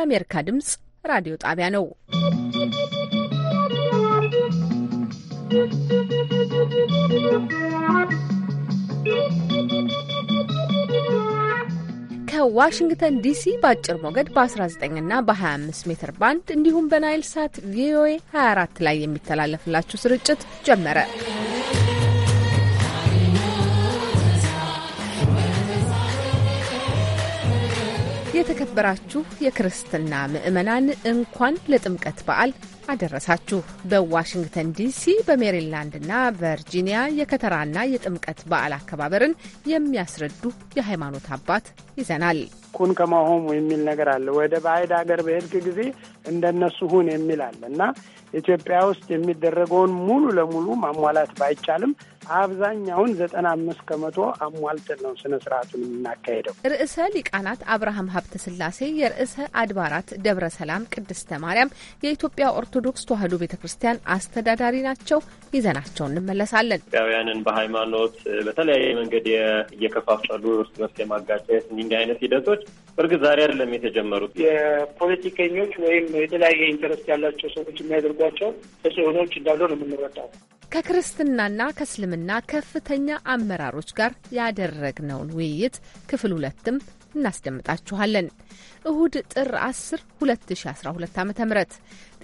የአሜሪካ ድምጽ ራዲዮ ጣቢያ ነው። ከዋሽንግተን ዲሲ በአጭር ሞገድ በ19 እና በ25 ሜትር ባንድ እንዲሁም በናይል ሳት ቪኦኤ 24 ላይ የሚተላለፍላችሁ ስርጭት ጀመረ። የተከበራችሁ የክርስትና ምዕመናን እንኳን ለጥምቀት በዓል አደረሳችሁ። በዋሽንግተን ዲሲ በሜሪላንድና ቨርጂኒያ የከተራና የጥምቀት በዓል አከባበርን የሚያስረዱ የሃይማኖት አባት ይዘናል። ኩን ከማሆሙ የሚል ነገር አለ። ወደ ባዕድ ሀገር በሄድክ ጊዜ እንደነሱ ሁን የሚል አለ እና ኢትዮጵያ ውስጥ የሚደረገውን ሙሉ ለሙሉ ማሟላት ባይቻልም አብዛኛውን ዘጠና አምስት ከመቶ አሟልተን ነው ስነ ስርዓቱን የምናካሄደው። ርዕሰ ሊቃናት አብርሃም ሀብተ ስላሴ የርዕሰ አድባራት ደብረ ሰላም ቅድስተ ማርያም የኢትዮጵያ ኦርቶ ኦርቶዶክስ ተዋሕዶ ቤተ ክርስቲያን አስተዳዳሪ ናቸው። ይዘናቸው እንመለሳለን። ኢትዮጵያውያንን በሃይማኖት በተለያየ መንገድ እየከፋፈሉ እርስ በርስ የማጋጨት እንዲህ አይነት ሂደቶች እርግጥ ዛሬ አይደለም የተጀመሩት። የፖለቲከኞች ወይም የተለያየ ኢንተረስት ያላቸው ሰዎች የሚያደርጓቸው ተጽዕኖዎች እንዳሉ ነው የምንረዳው። ከክርስትናና ከእስልምና ከፍተኛ አመራሮች ጋር ያደረግነውን ውይይት ክፍል ሁለትም እናስደምጣችኋለን። እሁድ ጥር 10 2012 ዓ ም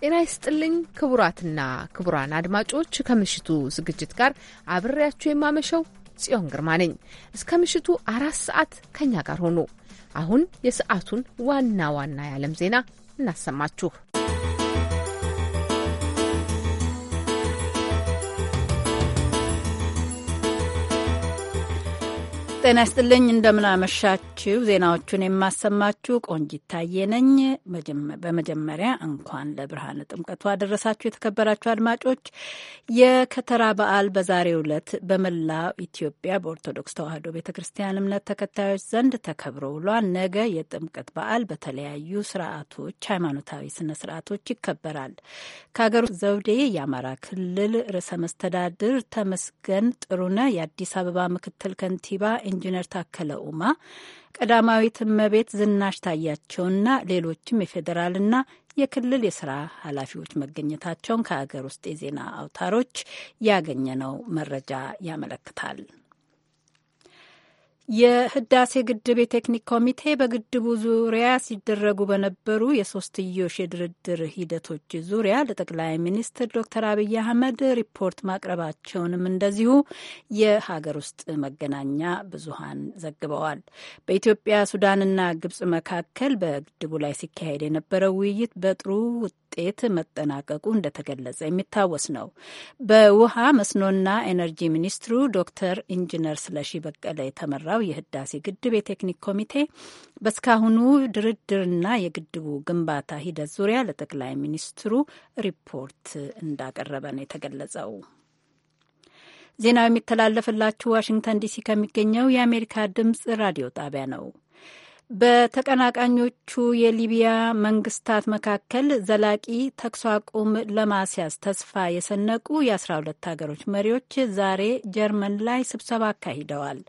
ጤና ይስጥልኝ ክቡራትና ክቡራን አድማጮች ከምሽቱ ዝግጅት ጋር አብሬያችሁ የማመሸው ጽዮን ግርማ ነኝ። እስከ ምሽቱ አራት ሰዓት ከኛ ጋር ሆኑ። አሁን የሰዓቱን ዋና ዋና የዓለም ዜና እናሰማችሁ። ጤና ይስጥልኝ። እንደምናመሻችው ዜናዎቹን የማሰማችሁ ቆንጂት ታዬ ነኝ። በመጀመሪያ እንኳን ለብርሃነ ጥምቀቱ አደረሳችሁ የተከበራችሁ አድማጮች። የከተራ በዓል በዛሬው ዕለት በመላው ኢትዮጵያ በኦርቶዶክስ ተዋሕዶ ቤተ ክርስቲያን እምነት ተከታዮች ዘንድ ተከብሮ ውሏል። ነገ የጥምቀት በዓል በተለያዩ ስርዓቶች፣ ሃይማኖታዊ ስነ ስርዓቶች ይከበራል። ከሀገሩ ዘውዴ የአማራ ክልል ርዕሰ መስተዳድር ተመስገን ጥሩነ የአዲስ አበባ ምክትል ከንቲባ ኢንጂነር ታከለ ኡማ፣ ቀዳማዊት እመቤት ዝናሽ ታያቸውና ሌሎችም የፌዴራልና የክልል የስራ ኃላፊዎች መገኘታቸውን ከአገር ውስጥ የዜና አውታሮች ያገኘነው መረጃ ያመለክታል። የህዳሴ ግድብ የቴክኒክ ኮሚቴ በግድቡ ዙሪያ ሲደረጉ በነበሩ የሶስትዮሽ የድርድር ሂደቶች ዙሪያ ለጠቅላይ ሚኒስትር ዶክተር አብይ አህመድ ሪፖርት ማቅረባቸውንም እንደዚሁ የሀገር ውስጥ መገናኛ ብዙሃን ዘግበዋል። በኢትዮጵያ ሱዳንና ግብጽ መካከል በግድቡ ላይ ሲካሄድ የነበረው ውይይት በጥሩ ውጤት መጠናቀቁ እንደተገለጸ የሚታወስ ነው። በውሃ መስኖና ኤነርጂ ሚኒስትሩ ዶክተር ኢንጂነር ስለሺ በቀለ የተመራ የወጣው የህዳሴ ግድብ የቴክኒክ ኮሚቴ በእስካሁኑ ድርድርና የግድቡ ግንባታ ሂደት ዙሪያ ለጠቅላይ ሚኒስትሩ ሪፖርት እንዳቀረበ ነው የተገለጸው። ዜናው የሚተላለፍላችሁ ዋሽንግተን ዲሲ ከሚገኘው የአሜሪካ ድምፅ ራዲዮ ጣቢያ ነው። በተቀናቃኞቹ የሊቢያ መንግስታት መካከል ዘላቂ ተኩስ አቁም ለማስያዝ ተስፋ የሰነቁ የአስራ ሁለት ሀገሮች መሪዎች ዛሬ ጀርመን ላይ ስብሰባ አካሂደዋል።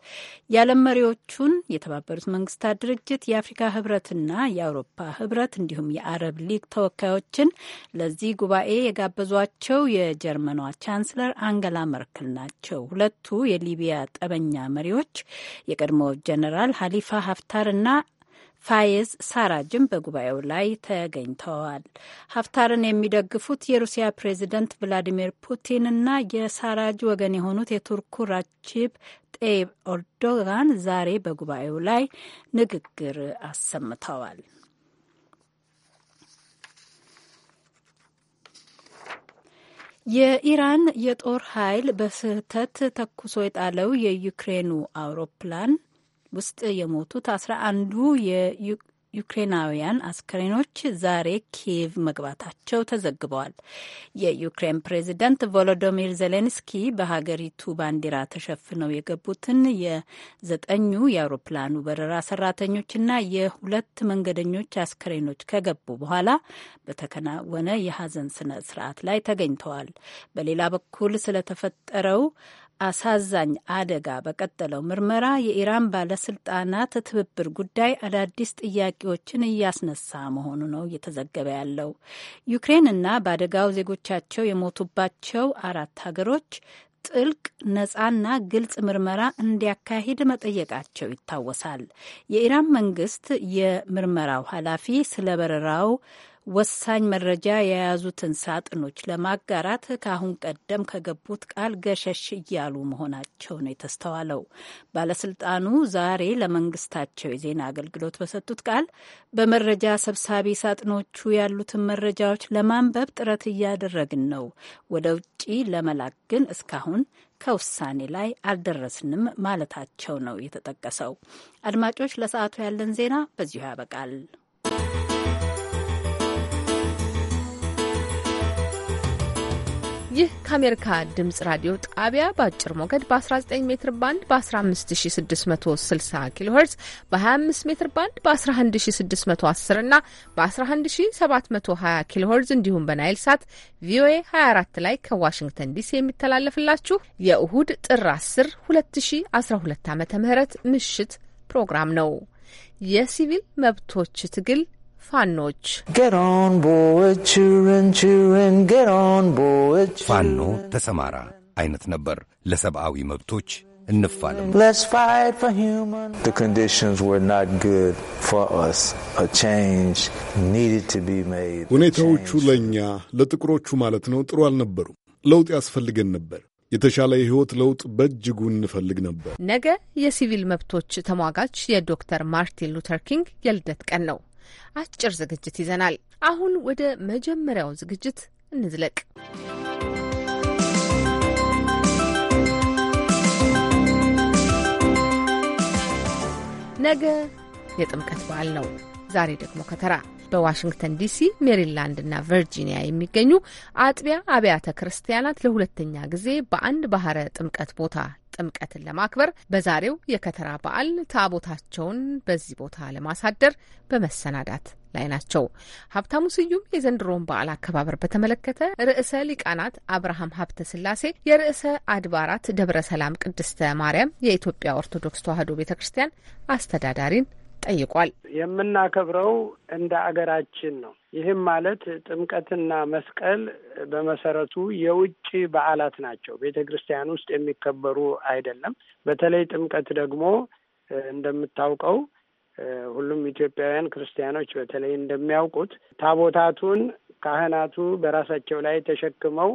የዓለም መሪዎቹን የተባበሩት መንግስታት ድርጅት፣ የአፍሪካ ህብረትና የአውሮፓ ህብረት እንዲሁም የአረብ ሊግ ተወካዮችን ለዚህ ጉባኤ የጋበዟቸው የጀርመኗ ቻንስለር አንገላ መርክል ናቸው። ሁለቱ የሊቢያ ጠበኛ መሪዎች የቀድሞ ጀነራል ሀሊፋ ሀፍታርና ፋየዝ ሳራጅም በጉባኤው ላይ ተገኝተዋል። ሀፍታርን የሚደግፉት የሩሲያ ፕሬዚደንት ቭላዲሚር ፑቲን እና የሳራጅ ወገን የሆኑት የቱርኩ ራቺብ ጤይብ ኤርዶጋን ዛሬ በጉባኤው ላይ ንግግር አሰምተዋል። የኢራን የጦር ኃይል በስህተት ተኩሶ የጣለው የዩክሬኑ አውሮፕላን ውስጥ የሞቱት አስራ አንዱ የዩክሬናውያን አስክሬኖች ዛሬ ኪየቭ መግባታቸው ተዘግበዋል። የዩክሬን ፕሬዚደንት ቮሎዶሚር ዜሌንስኪ በሀገሪቱ ባንዲራ ተሸፍነው የገቡትን የዘጠኙ የአውሮፕላኑ በረራ ሰራተኞችና የሁለት መንገደኞች አስክሬኖች ከገቡ በኋላ በተከናወነ የሀዘን ስነ ስርዓት ላይ ተገኝተዋል። በሌላ በኩል ስለተፈጠረው አሳዛኝ አደጋ በቀጠለው ምርመራ የኢራን ባለስልጣናት ትብብር ጉዳይ አዳዲስ ጥያቄዎችን እያስነሳ መሆኑ ነው እየተዘገበ ያለው። ዩክሬንና በአደጋው ዜጎቻቸው የሞቱባቸው አራት ሀገሮች ጥልቅ ነፃና ግልጽ ምርመራ እንዲያካሂድ መጠየቃቸው ይታወሳል። የኢራን መንግስት የምርመራው ኃላፊ ስለ በረራው ወሳኝ መረጃ የያዙትን ሳጥኖች ለማጋራት ከአሁን ቀደም ከገቡት ቃል ገሸሽ እያሉ መሆናቸው ነው የተስተዋለው። ባለስልጣኑ ዛሬ ለመንግስታቸው የዜና አገልግሎት በሰጡት ቃል በመረጃ ሰብሳቢ ሳጥኖቹ ያሉትን መረጃዎች ለማንበብ ጥረት እያደረግን ነው፣ ወደ ውጭ ለመላክ ግን እስካሁን ከውሳኔ ላይ አልደረስንም ማለታቸው ነው የተጠቀሰው። አድማጮች፣ ለሰዓቱ ያለን ዜና በዚሁ ያበቃል። ይህ ከአሜሪካ ድምጽ ራዲዮ ጣቢያ በአጭር ሞገድ በ19 ሜትር ባንድ በ15660 ኪሎ ሄርዝ በ25 ሜትር ባንድ በ11610 እና በ11720 ኪሎ ሄርዝ እንዲሁም በናይል ሳት ቪኦኤ 24 ላይ ከዋሽንግተን ዲሲ የሚተላለፍላችሁ የእሁድ ጥር 10 2012 ዓ ም ምሽት ፕሮግራም ነው። የሲቪል መብቶች ትግል ፋኖች ፋኖ ተሰማራ አይነት ነበር። ለሰብአዊ መብቶች እንፋለም። ሁኔታዎቹ ለእኛ ለጥቁሮቹ ማለት ነው ጥሩ አልነበሩም። ለውጥ ያስፈልገን ነበር። የተሻለ የህይወት ለውጥ በእጅጉ እንፈልግ ነበር። ነገ የሲቪል መብቶች ተሟጋች የዶክተር ማርቲን ሉተር ኪንግ የልደት ቀን ነው። አጭር ዝግጅት ይዘናል። አሁን ወደ መጀመሪያው ዝግጅት እንዝለቅ። ነገ የጥምቀት በዓል ነው። ዛሬ ደግሞ ከተራ በዋሽንግተን ዲሲ፣ ሜሪላንድ እና ቨርጂኒያ የሚገኙ አጥቢያ አብያተ ክርስቲያናት ለሁለተኛ ጊዜ በአንድ ባህረ ጥምቀት ቦታ ጥምቀትን ለማክበር በዛሬው የከተራ በዓል ታቦታቸውን በዚህ ቦታ ለማሳደር በመሰናዳት ላይ ናቸው። ሀብታሙ ስዩም የዘንድሮውን በዓል አከባበር በተመለከተ ርዕሰ ሊቃናት አብርሃም ሀብተ ስላሴ የርዕሰ አድባራት ደብረ ሰላም ቅድስተ ማርያም የኢትዮጵያ ኦርቶዶክስ ተዋሕዶ ቤተ ክርስቲያን አስተዳዳሪን ጠይቋል። የምናከብረው እንደ አገራችን ነው። ይህም ማለት ጥምቀትና መስቀል በመሰረቱ የውጭ በዓላት ናቸው። ቤተ ክርስቲያን ውስጥ የሚከበሩ አይደለም። በተለይ ጥምቀት ደግሞ እንደምታውቀው ሁሉም ኢትዮጵያውያን ክርስቲያኖች በተለይ እንደሚያውቁት ታቦታቱን ካህናቱ በራሳቸው ላይ ተሸክመው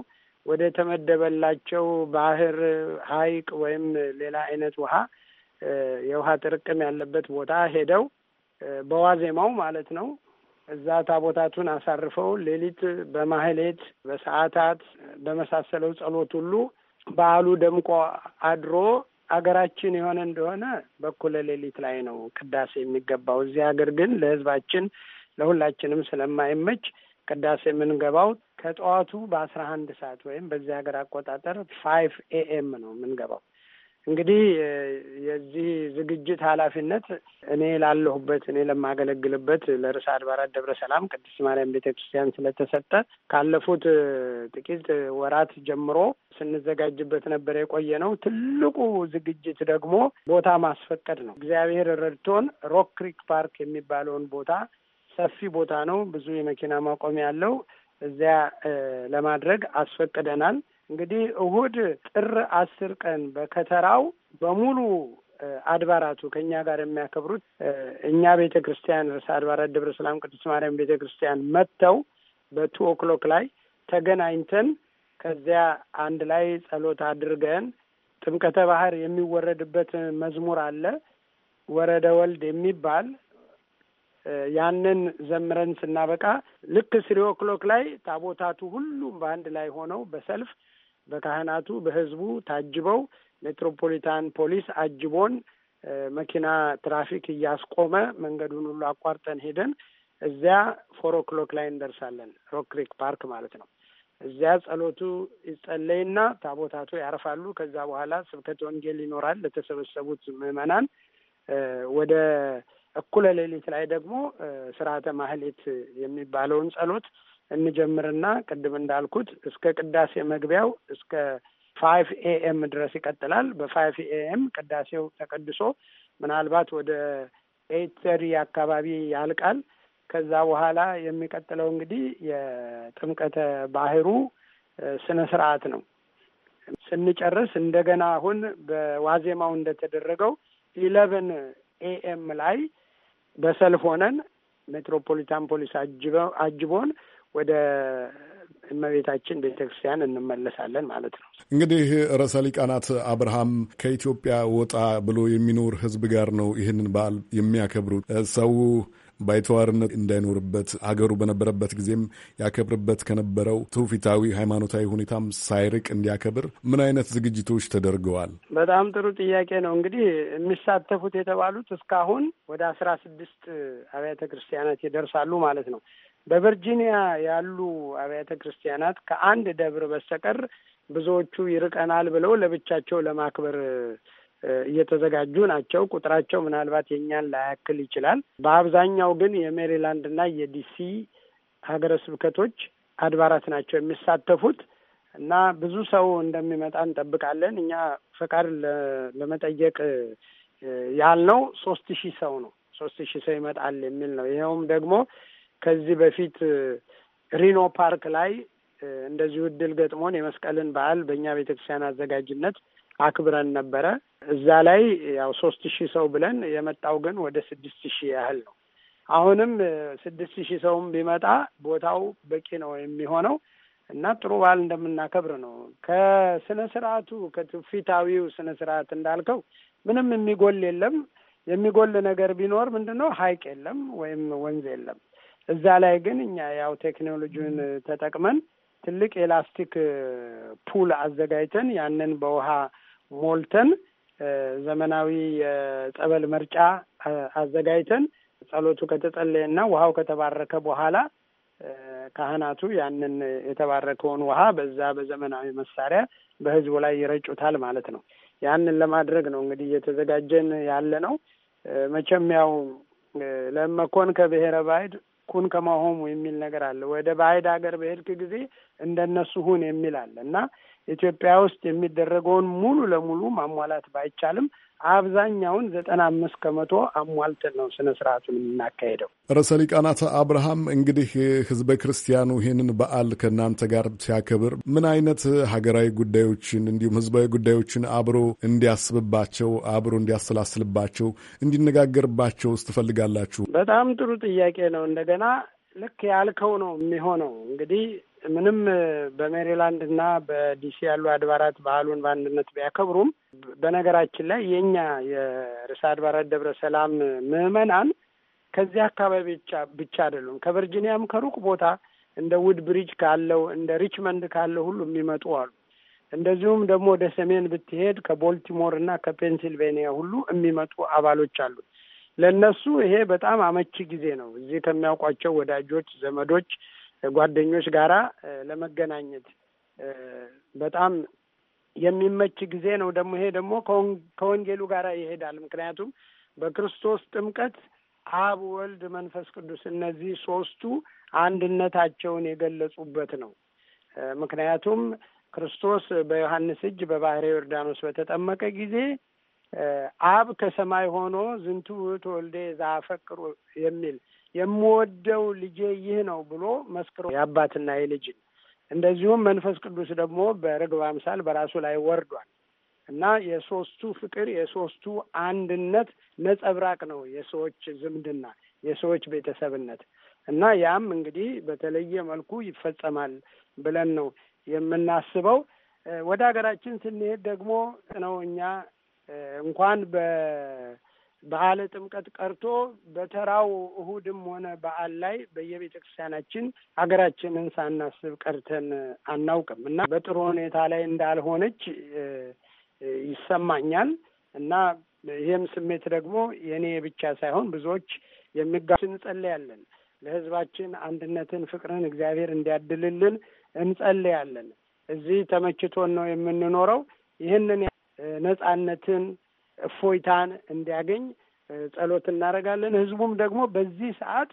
ወደ ተመደበላቸው ባህር፣ ሐይቅ ወይም ሌላ አይነት ውሃ የውሃ ጥርቅም ያለበት ቦታ ሄደው በዋዜማው ማለት ነው እዛ ታቦታቱን አሳርፈው ሌሊት በማህሌት በሰዓታት በመሳሰለው ጸሎት ሁሉ በዓሉ ደምቆ አድሮ አገራችን የሆነ እንደሆነ በኩለ ሌሊት ላይ ነው ቅዳሴ የሚገባው። እዚህ ሀገር ግን ለህዝባችን ለሁላችንም ስለማይመች ቅዳሴ የምንገባው ከጠዋቱ በአስራ አንድ ሰዓት ወይም በዚህ ሀገር አቆጣጠር ፋይቭ ኤኤም ነው የምንገባው። እንግዲህ የዚህ ዝግጅት ኃላፊነት እኔ ላለሁበት እኔ ለማገለግልበት ለርዕሰ አድባራት ደብረ ሰላም ቅድስት ማርያም ቤተ ክርስቲያን ስለተሰጠ ካለፉት ጥቂት ወራት ጀምሮ ስንዘጋጅበት ነበር የቆየ ነው። ትልቁ ዝግጅት ደግሞ ቦታ ማስፈቀድ ነው። እግዚአብሔር ረድቶን ሮክ ክሪክ ፓርክ የሚባለውን ቦታ ሰፊ ቦታ ነው። ብዙ የመኪና ማቆሚያ ያለው እዚያ ለማድረግ አስፈቅደናል። እንግዲህ እሁድ ጥር አስር ቀን በከተራው በሙሉ አድባራቱ ከእኛ ጋር የሚያከብሩት እኛ ቤተ ክርስቲያን ርዕሰ አድባራት ደብረ ሰላም ቅድስት ማርያም ቤተ ክርስቲያን መጥተው በቱ ኦክሎክ ላይ ተገናኝተን ከዚያ አንድ ላይ ጸሎት አድርገን ጥምቀተ ባህር የሚወረድበት መዝሙር አለ ወረደ ወልድ የሚባል ያንን ዘምረን ስናበቃ ልክ ስሪ ኦክሎክ ላይ ታቦታቱ ሁሉም በአንድ ላይ ሆነው በሰልፍ በካህናቱ በህዝቡ ታጅበው ሜትሮፖሊታን ፖሊስ አጅቦን መኪና ትራፊክ እያስቆመ መንገዱን ሁሉ አቋርጠን ሄደን እዚያ ፎር ኦክሎክ ላይ እንደርሳለን። ሮክ ክሪክ ፓርክ ማለት ነው። እዚያ ጸሎቱ ይጸለይና ታቦታቱ ያርፋሉ። ከዛ በኋላ ስብከት ወንጌል ይኖራል። ለተሰበሰቡት ምዕመናን ወደ እኩለ ሌሊት ላይ ደግሞ ስርዓተ ማህሌት የሚባለውን ጸሎት እንጀምርና ቅድም እንዳልኩት እስከ ቅዳሴ መግቢያው እስከ ፋይቭ ኤኤም ድረስ ይቀጥላል። በፋይቭ ኤኤም ቅዳሴው ተቀድሶ ምናልባት ወደ ኤይት ተሪ አካባቢ ያልቃል። ከዛ በኋላ የሚቀጥለው እንግዲህ የጥምቀተ ባህሩ ስነ ስርዓት ነው። ስንጨርስ እንደገና አሁን በዋዜማው እንደተደረገው ኢለቨን ኤኤም ላይ በሰልፍ ሆነን ሜትሮፖሊታን ፖሊስ አጅቦን ወደ እመቤታችን ቤተ ክርስቲያን እንመለሳለን ማለት ነው። እንግዲህ ርዕሰ ሊቃናት አብርሃም ከኢትዮጵያ ወጣ ብሎ የሚኖር ሕዝብ ጋር ነው ይህንን በዓል የሚያከብሩት ሰው ባይተዋርነት እንዳይኖርበት አገሩ በነበረበት ጊዜም ያከብርበት ከነበረው ትውፊታዊ ሃይማኖታዊ ሁኔታም ሳይርቅ እንዲያከብር ምን አይነት ዝግጅቶች ተደርገዋል? በጣም ጥሩ ጥያቄ ነው። እንግዲህ የሚሳተፉት የተባሉት እስካሁን ወደ አስራ ስድስት አብያተ ክርስቲያናት ይደርሳሉ ማለት ነው። በቨርጂኒያ ያሉ አብያተ ክርስቲያናት ከአንድ ደብር በስተቀር ብዙዎቹ ይርቀናል ብለው ለብቻቸው ለማክበር እየተዘጋጁ ናቸው። ቁጥራቸው ምናልባት የእኛን ላያክል ይችላል። በአብዛኛው ግን የሜሪላንድ እና የዲሲ ሀገረ ስብከቶች አድባራት ናቸው የሚሳተፉት እና ብዙ ሰው እንደሚመጣ እንጠብቃለን። እኛ ፈቃድ ለመጠየቅ ያልነው ሶስት ሺህ ሰው ነው። ሶስት ሺህ ሰው ይመጣል የሚል ነው። ይኸውም ደግሞ ከዚህ በፊት ሪኖ ፓርክ ላይ እንደዚሁ እድል ገጥሞን የመስቀልን በዓል በእኛ ቤተክርስቲያን አዘጋጅነት አክብረን ነበረ። እዛ ላይ ያው ሶስት ሺህ ሰው ብለን የመጣው ግን ወደ ስድስት ሺህ ያህል ነው። አሁንም ስድስት ሺህ ሰውም ቢመጣ ቦታው በቂ ነው የሚሆነው እና ጥሩ በዓል እንደምናከብር ነው። ከስነ ስርዓቱ ከትውፊታዊው ስነ ስርዓት እንዳልከው ምንም የሚጎል የለም። የሚጎል ነገር ቢኖር ምንድን ነው? የለም ወይም ወንዝ የለም። እዛ ላይ ግን እኛ ያው ቴክኖሎጂውን ተጠቅመን ትልቅ የላስቲክ ፑል አዘጋጅተን ያንን በውሃ ሞልተን ዘመናዊ የጸበል መርጫ አዘጋጅተን ጸሎቱ ከተጸለየና ውሃው ከተባረከ በኋላ ካህናቱ ያንን የተባረከውን ውሃ በዛ በዘመናዊ መሳሪያ በህዝቡ ላይ ይረጩታል ማለት ነው። ያንን ለማድረግ ነው እንግዲህ እየተዘጋጀን ያለ ነው። መቼም ያው ለመኮን ከብሔረ ባይድ ኩን ከማሆሙ የሚል ነገር አለ። ወደ ባዕድ ሀገር በሄድክ ጊዜ እንደነሱ ሁን የሚል አለ እና ኢትዮጵያ ውስጥ የሚደረገውን ሙሉ ለሙሉ ማሟላት ባይቻልም አብዛኛውን ዘጠና አምስት ከመቶ አሟልተን ነው ስነ ስርዓቱን የምናካሄደው። ርዕሰ ሊቃናት አብርሃም፣ እንግዲህ ህዝበ ክርስቲያኑ ይህንን በዓል ከእናንተ ጋር ሲያከብር ምን አይነት ሀገራዊ ጉዳዮችን እንዲሁም ህዝባዊ ጉዳዮችን አብሮ እንዲያስብባቸው አብሮ እንዲያሰላስልባቸው ውስጥ ትፈልጋላችሁ? በጣም ጥሩ ጥያቄ ነው። እንደገና ልክ ያልከው ነው የሚሆነው እንግዲህ ምንም በሜሪላንድ እና በዲሲ ያሉ አድባራት ባህሉን በአንድነት ቢያከብሩም በነገራችን ላይ የእኛ የርዕሰ አድባራት ደብረ ሰላም ምዕመናን ከዚያ አካባቢ ብቻ አይደሉም። ከቨርጂኒያም ከሩቅ ቦታ እንደ ውድ ብሪጅ ካለው እንደ ሪችመንድ ካለው ሁሉ የሚመጡ አሉ። እንደዚሁም ደግሞ ወደ ሰሜን ብትሄድ ከቦልቲሞር እና ከፔንሲልቬኒያ ሁሉ የሚመጡ አባሎች አሉ። ለእነሱ ይሄ በጣም አመቺ ጊዜ ነው። እዚህ ከሚያውቋቸው ወዳጆች፣ ዘመዶች ጓደኞች ጋራ ለመገናኘት በጣም የሚመች ጊዜ ነው። ደግሞ ይሄ ደግሞ ከወንጌሉ ጋር ይሄዳል። ምክንያቱም በክርስቶስ ጥምቀት አብ፣ ወልድ፣ መንፈስ ቅዱስ እነዚህ ሶስቱ አንድነታቸውን የገለጹበት ነው። ምክንያቱም ክርስቶስ በዮሐንስ እጅ በባህረ ዮርዳኖስ በተጠመቀ ጊዜ አብ ከሰማይ ሆኖ ዝንቱ ውእቱ ወልዴ ዘአፈቅሩ የሚል የምወደው ልጄ ይህ ነው ብሎ መስክሮ የአባትና የልጅን እንደዚሁም መንፈስ ቅዱስ ደግሞ በርግብ አምሳል በራሱ ላይ ወርዷል እና የሶስቱ ፍቅር የሶስቱ አንድነት ነጸብራቅ ነው የሰዎች ዝምድና፣ የሰዎች ቤተሰብነት እና ያም እንግዲህ በተለየ መልኩ ይፈጸማል ብለን ነው የምናስበው። ወደ ሀገራችን ስንሄድ ደግሞ ነው እኛ እንኳን በ በዓለ ጥምቀት ቀርቶ በተራው እሁድም ሆነ በዓል ላይ በየቤተ ክርስቲያናችን ሀገራችንን ሳናስብ ቀርተን አናውቅም እና በጥሩ ሁኔታ ላይ እንዳልሆነች ይሰማኛል እና ይህም ስሜት ደግሞ የእኔ ብቻ ሳይሆን ብዙዎች የሚጋ እንጸለያለን። ለህዝባችን አንድነትን፣ ፍቅርን እግዚአብሔር እንዲያድልልን እንጸለያለን። እዚህ ተመችቶን ነው የምንኖረው። ይህንን ነጻነትን እፎይታን እንዲያገኝ ጸሎት እናደርጋለን። ህዝቡም ደግሞ በዚህ ሰዓት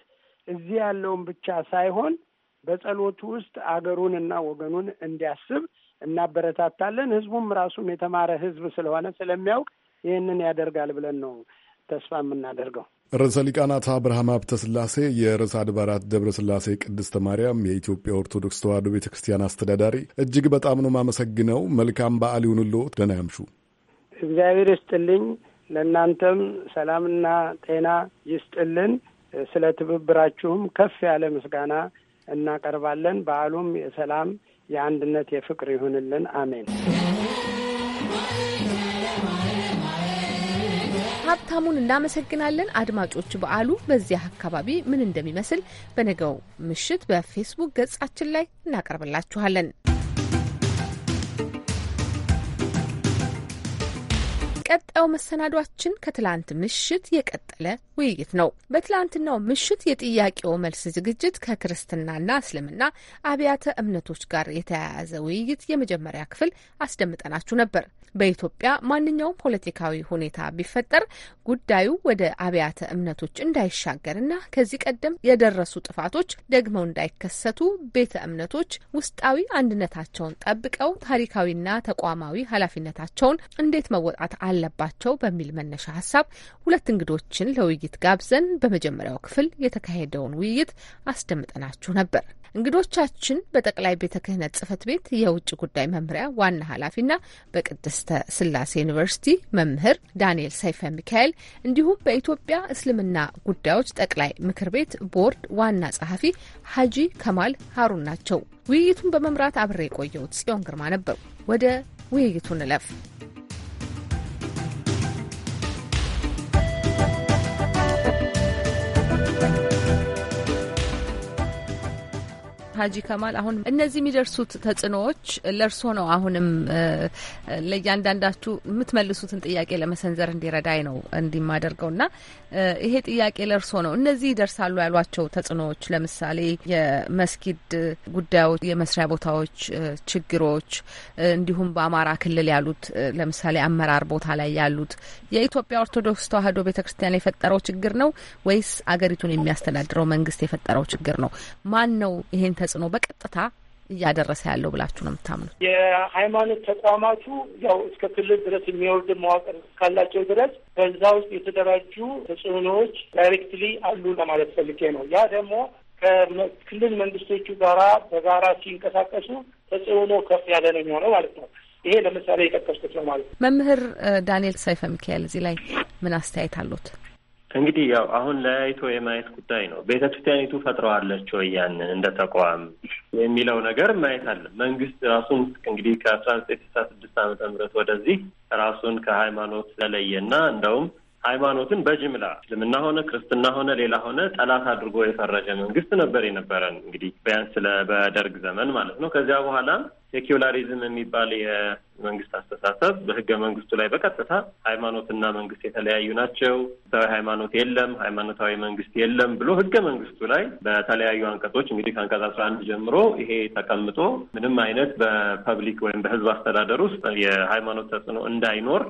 እዚህ ያለውን ብቻ ሳይሆን በጸሎቱ ውስጥ አገሩን እና ወገኑን እንዲያስብ እናበረታታለን። ህዝቡም ራሱም የተማረ ህዝብ ስለሆነ ስለሚያውቅ ይህንን ያደርጋል ብለን ነው ተስፋ የምናደርገው። ርዕሰ ሊቃናት አብርሃም ሀብተ ስላሴ የርዕሰ አድባራት ደብረ ስላሴ ቅድስተ ማርያም የኢትዮጵያ ኦርቶዶክስ ተዋሕዶ ቤተ ክርስቲያን አስተዳዳሪ፣ እጅግ በጣም ነው የማመሰግነው። መልካም በዓል ይሁንልዎት። ደህና ያምሹ። እግዚአብሔር ይስጥልኝ። ለእናንተም ሰላምና ጤና ይስጥልን። ስለ ትብብራችሁም ከፍ ያለ ምስጋና እናቀርባለን። በዓሉም የሰላም የአንድነት፣ የፍቅር ይሁንልን። አሜን። ሀብታሙን እናመሰግናለን። አድማጮች በዓሉ በዚያ አካባቢ ምን እንደሚመስል በነገው ምሽት በፌስቡክ ገጻችን ላይ እናቀርብላችኋለን። ቀጣዩ መሰናዷችን ከትላንት ምሽት የቀጠለ ውይይት ነው። በትላንትናው ምሽት የጥያቄው መልስ ዝግጅት ከክርስትናና እስልምና አብያተ እምነቶች ጋር የተያያዘ ውይይት የመጀመሪያ ክፍል አስደምጠናችሁ ነበር። በኢትዮጵያ ማንኛውም ፖለቲካዊ ሁኔታ ቢፈጠር ጉዳዩ ወደ አብያተ እምነቶች እንዳይሻገርና ከዚህ ቀደም የደረሱ ጥፋቶች ደግመው እንዳይከሰቱ ቤተ እምነቶች ውስጣዊ አንድነታቸውን ጠብቀው ታሪካዊና ተቋማዊ ኃላፊነታቸውን እንዴት መወጣት አለ አለባቸው በሚል መነሻ ሀሳብ ሁለት እንግዶችን ለውይይት ጋብዘን በመጀመሪያው ክፍል የተካሄደውን ውይይት አስደምጠናችሁ ነበር። እንግዶቻችን በጠቅላይ ቤተ ክህነት ጽህፈት ቤት የውጭ ጉዳይ መምሪያ ዋና ኃላፊና በቅድስተ ስላሴ ዩኒቨርሲቲ መምህር ዳንኤል ሰይፈ ሚካኤል እንዲሁም በኢትዮጵያ እስልምና ጉዳዮች ጠቅላይ ምክር ቤት ቦርድ ዋና ጸሐፊ ሀጂ ከማል ሀሩን ናቸው። ውይይቱን በመምራት አብሬ የቆየሁት ጽዮን ግርማ ነበሩ። ወደ ውይይቱ እንለፍ። ሀጂ ከማል፣ አሁን እነዚህ የሚደርሱት ተጽዕኖዎች ለእርስዎ ነው። አሁንም ለእያንዳንዳችሁ የምትመልሱትን ጥያቄ ለመሰንዘር እንዲረዳይ ነው እንዲማደርገው እና ይሄ ጥያቄ ለእርስዎ ነው። እነዚህ ይደርሳሉ ያሏቸው ተጽዕኖዎች ለምሳሌ የመስጊድ ጉዳዮች፣ የመስሪያ ቦታዎች ችግሮች፣ እንዲሁም በአማራ ክልል ያሉት ለምሳሌ አመራር ቦታ ላይ ያሉት የኢትዮጵያ ኦርቶዶክስ ተዋህዶ ቤተ ክርስቲያን የፈጠረው ችግር ነው ወይስ አገሪቱን የሚያስተዳድረው መንግስት የፈጠረው ችግር ነው? ማን ነው ይሄን ተጽዕኖ በቀጥታ እያደረሰ ያለው ብላችሁ ነው የምታምኑት? የሃይማኖት ተቋማቱ ያው እስከ ክልል ድረስ የሚወርድ መዋቅር ካላቸው ድረስ በዛ ውስጥ የተደራጁ ተጽዕኖዎች ዳይሬክትሊ አሉ ለማለት ፈልጌ ነው። ያ ደግሞ ከክልል መንግስቶቹ ጋራ በጋራ ሲንቀሳቀሱ ተጽዕኖ ከፍ ያለ ነው የሚሆነው ማለት ነው። ይሄ ለምሳሌ የጠቀስኩት ነው ማለት ነው። መምህር ዳንኤል ሰይፈ ሚካኤል እዚህ ላይ ምን አስተያየት አሉት? እንግዲህ ያው አሁን ለያይቶ የማየት ጉዳይ ነው። ቤተ ክርስቲያኒቱ ፈጥረዋለች ወይ ያንን እንደ ተቋም የሚለው ነገር ማየት አለ። መንግስት ራሱን እንግዲህ ከአስራ ዘጠኝ ስልሳ ስድስት ዓመተ ምህረት ወደዚህ ራሱን ከሃይማኖት ለለየና እንደውም ሃይማኖትን በጅምላ እስልምና ሆነ ክርስትና ሆነ ሌላ ሆነ ጠላት አድርጎ የፈረጀ መንግስት ነበር የነበረን እንግዲህ ቢያንስ በደርግ ዘመን ማለት ነው። ከዚያ በኋላ ሴኪላሪዝም የሚባል የመንግስት አስተሳሰብ በህገ መንግስቱ ላይ በቀጥታ ሃይማኖትና መንግስት የተለያዩ ናቸው፣ ሰዊ ሃይማኖት የለም፣ ሃይማኖታዊ መንግስት የለም ብሎ ህገ መንግስቱ ላይ በተለያዩ አንቀጾች እንግዲህ ከአንቀጽ አስራ አንድ ጀምሮ ይሄ ተቀምጦ ምንም አይነት በፐብሊክ ወይም በህዝብ አስተዳደር ውስጥ የሃይማኖት ተጽዕኖ እንዳይኖር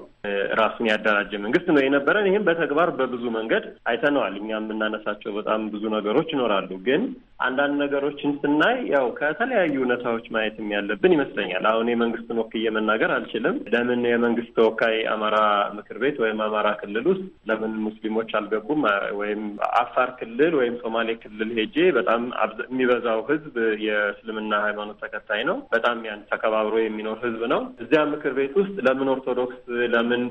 ራሱን ያደራጀ መንግስት ነው የነበረን። ይህም በተግባር በብዙ መንገድ አይተነዋል። እኛ የምናነሳቸው በጣም ብዙ ነገሮች ይኖራሉ። ግን አንዳንድ ነገሮችን ስናይ ያው ከተለያዩ እውነታዎች ማየትም ያለብን የሚያመጡትን ይመስለኛል። አሁን የመንግስትን ወክዬ መናገር አልችልም። ለምን የመንግስት ተወካይ አማራ ምክር ቤት ወይም አማራ ክልል ውስጥ ለምን ሙስሊሞች አልገቡም? ወይም አፋር ክልል ወይም ሶማሌ ክልል ሄጄ በጣም የሚበዛው ህዝብ የእስልምና ሃይማኖት ተከታይ ነው። በጣም ያን ተከባብሮ የሚኖር ህዝብ ነው። እዚያ ምክር ቤት ውስጥ ለምን ኦርቶዶክስ ለምን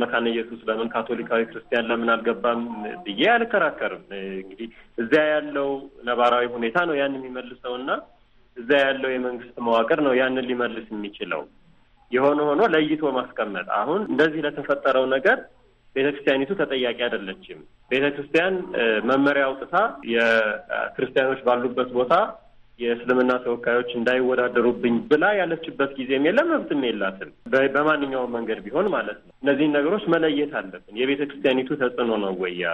መካነ ኢየሱስ ለምን ካቶሊካዊ ክርስቲያን ለምን አልገባም ብዬ አልከራከርም። እንግዲህ እዚያ ያለው ነባራዊ ሁኔታ ነው ያን የሚመልሰው እና እዛ ያለው የመንግስት መዋቅር ነው ያንን ሊመልስ የሚችለው። የሆነ ሆኖ ለይቶ ማስቀመጥ አሁን እንደዚህ ለተፈጠረው ነገር ቤተክርስቲያኒቱ ተጠያቂ አይደለችም። ቤተክርስቲያን መመሪያ አውጥታ የክርስቲያኖች ባሉበት ቦታ የእስልምና ተወካዮች እንዳይወዳደሩብኝ ብላ ያለችበት ጊዜም የለም፣ መብትም የላትም። በማንኛውም መንገድ ቢሆን ማለት ነው። እነዚህን ነገሮች መለየት አለብን። የቤተ ክርስቲያኒቱ ተጽዕኖ ነው ወያ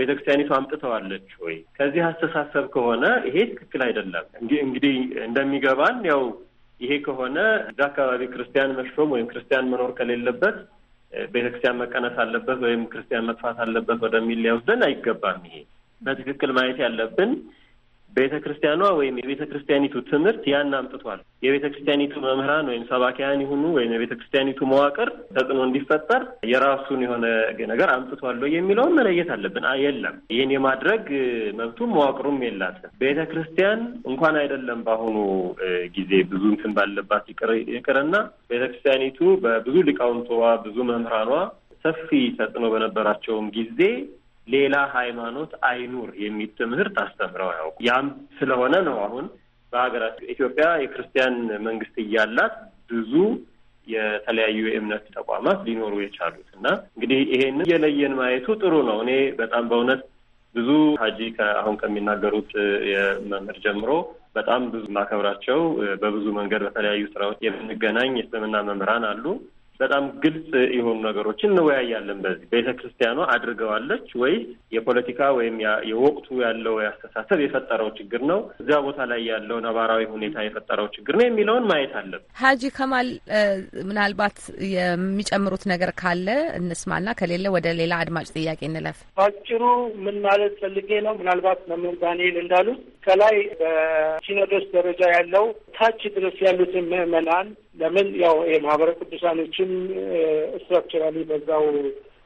ቤተክርስቲያኒቱ አምጥተዋለች ወይ? ከዚህ አስተሳሰብ ከሆነ ይሄ ትክክል አይደለም። እንግዲህ እንደሚገባን ያው ይሄ ከሆነ እዛ አካባቢ ክርስቲያን መሾም ወይም ክርስቲያን መኖር ከሌለበት ቤተክርስቲያን መቀነስ አለበት ወይም ክርስቲያን መጥፋት አለበት ወደሚል ሊያወስደን አይገባም። ይሄ በትክክል ማየት ያለብን ቤተ ክርስቲያኗ ወይም የቤተ ክርስቲያኒቱ ትምህርት ያን አምጥቷል። የቤተ ክርስቲያኒቱ መምህራን ወይም ሰባኪያን ይሁኑ ወይም የቤተ ክርስቲያኒቱ መዋቅር ተጽዕኖ እንዲፈጠር የራሱን የሆነ ነገር አምጥቷል የሚለውን መለየት አለብን። የለም ይህን የማድረግ መብቱም መዋቅሩም የላትም። ቤተ ክርስቲያን እንኳን አይደለም በአሁኑ ጊዜ ብዙ እንትን ባለባት ይቅርና ቤተ ክርስቲያኒቱ በብዙ ሊቃውንቷ ብዙ መምህራኗ ሰፊ ተጽዕኖ በነበራቸውም ጊዜ ሌላ ሃይማኖት አይኑር የሚል ትምህርት አስተምረው ያውቁ። ያም ስለሆነ ነው አሁን በሀገራችን ኢትዮጵያ የክርስቲያን መንግስት እያላት ብዙ የተለያዩ የእምነት ተቋማት ሊኖሩ የቻሉት እና እንግዲህ ይሄንን የለየን ማየቱ ጥሩ ነው። እኔ በጣም በእውነት ብዙ ሀጂ አሁን ከሚናገሩት የመምህር ጀምሮ በጣም ብዙ ማከብራቸው በብዙ መንገድ በተለያዩ ስራዎች የምንገናኝ የእስልምና መምህራን አሉ። በጣም ግልጽ የሆኑ ነገሮችን እንወያያለን። በዚህ ቤተ ክርስቲያኗ አድርገዋለች ወይ የፖለቲካ ወይም የወቅቱ ያለው ያስተሳሰብ የፈጠረው ችግር ነው፣ እዚያ ቦታ ላይ ያለው ነባራዊ ሁኔታ የፈጠረው ችግር ነው የሚለውን ማየት አለብን። ሀጂ ከማል ምናልባት የሚጨምሩት ነገር ካለ እንስማና ከሌለ ወደ ሌላ አድማጭ ጥያቄ እንለፍ። ባጭሩ ምን ማለት ፈልጌ ነው፣ ምናልባት መምህር ዳንኤል እንዳሉት ከላይ በሲኖዶስ ደረጃ ያለው ታች ድረስ ያሉትን ምዕመናን ለምን ያው የማህበረ ቅዱሳኖችም ስትራክቸራሊ በዛው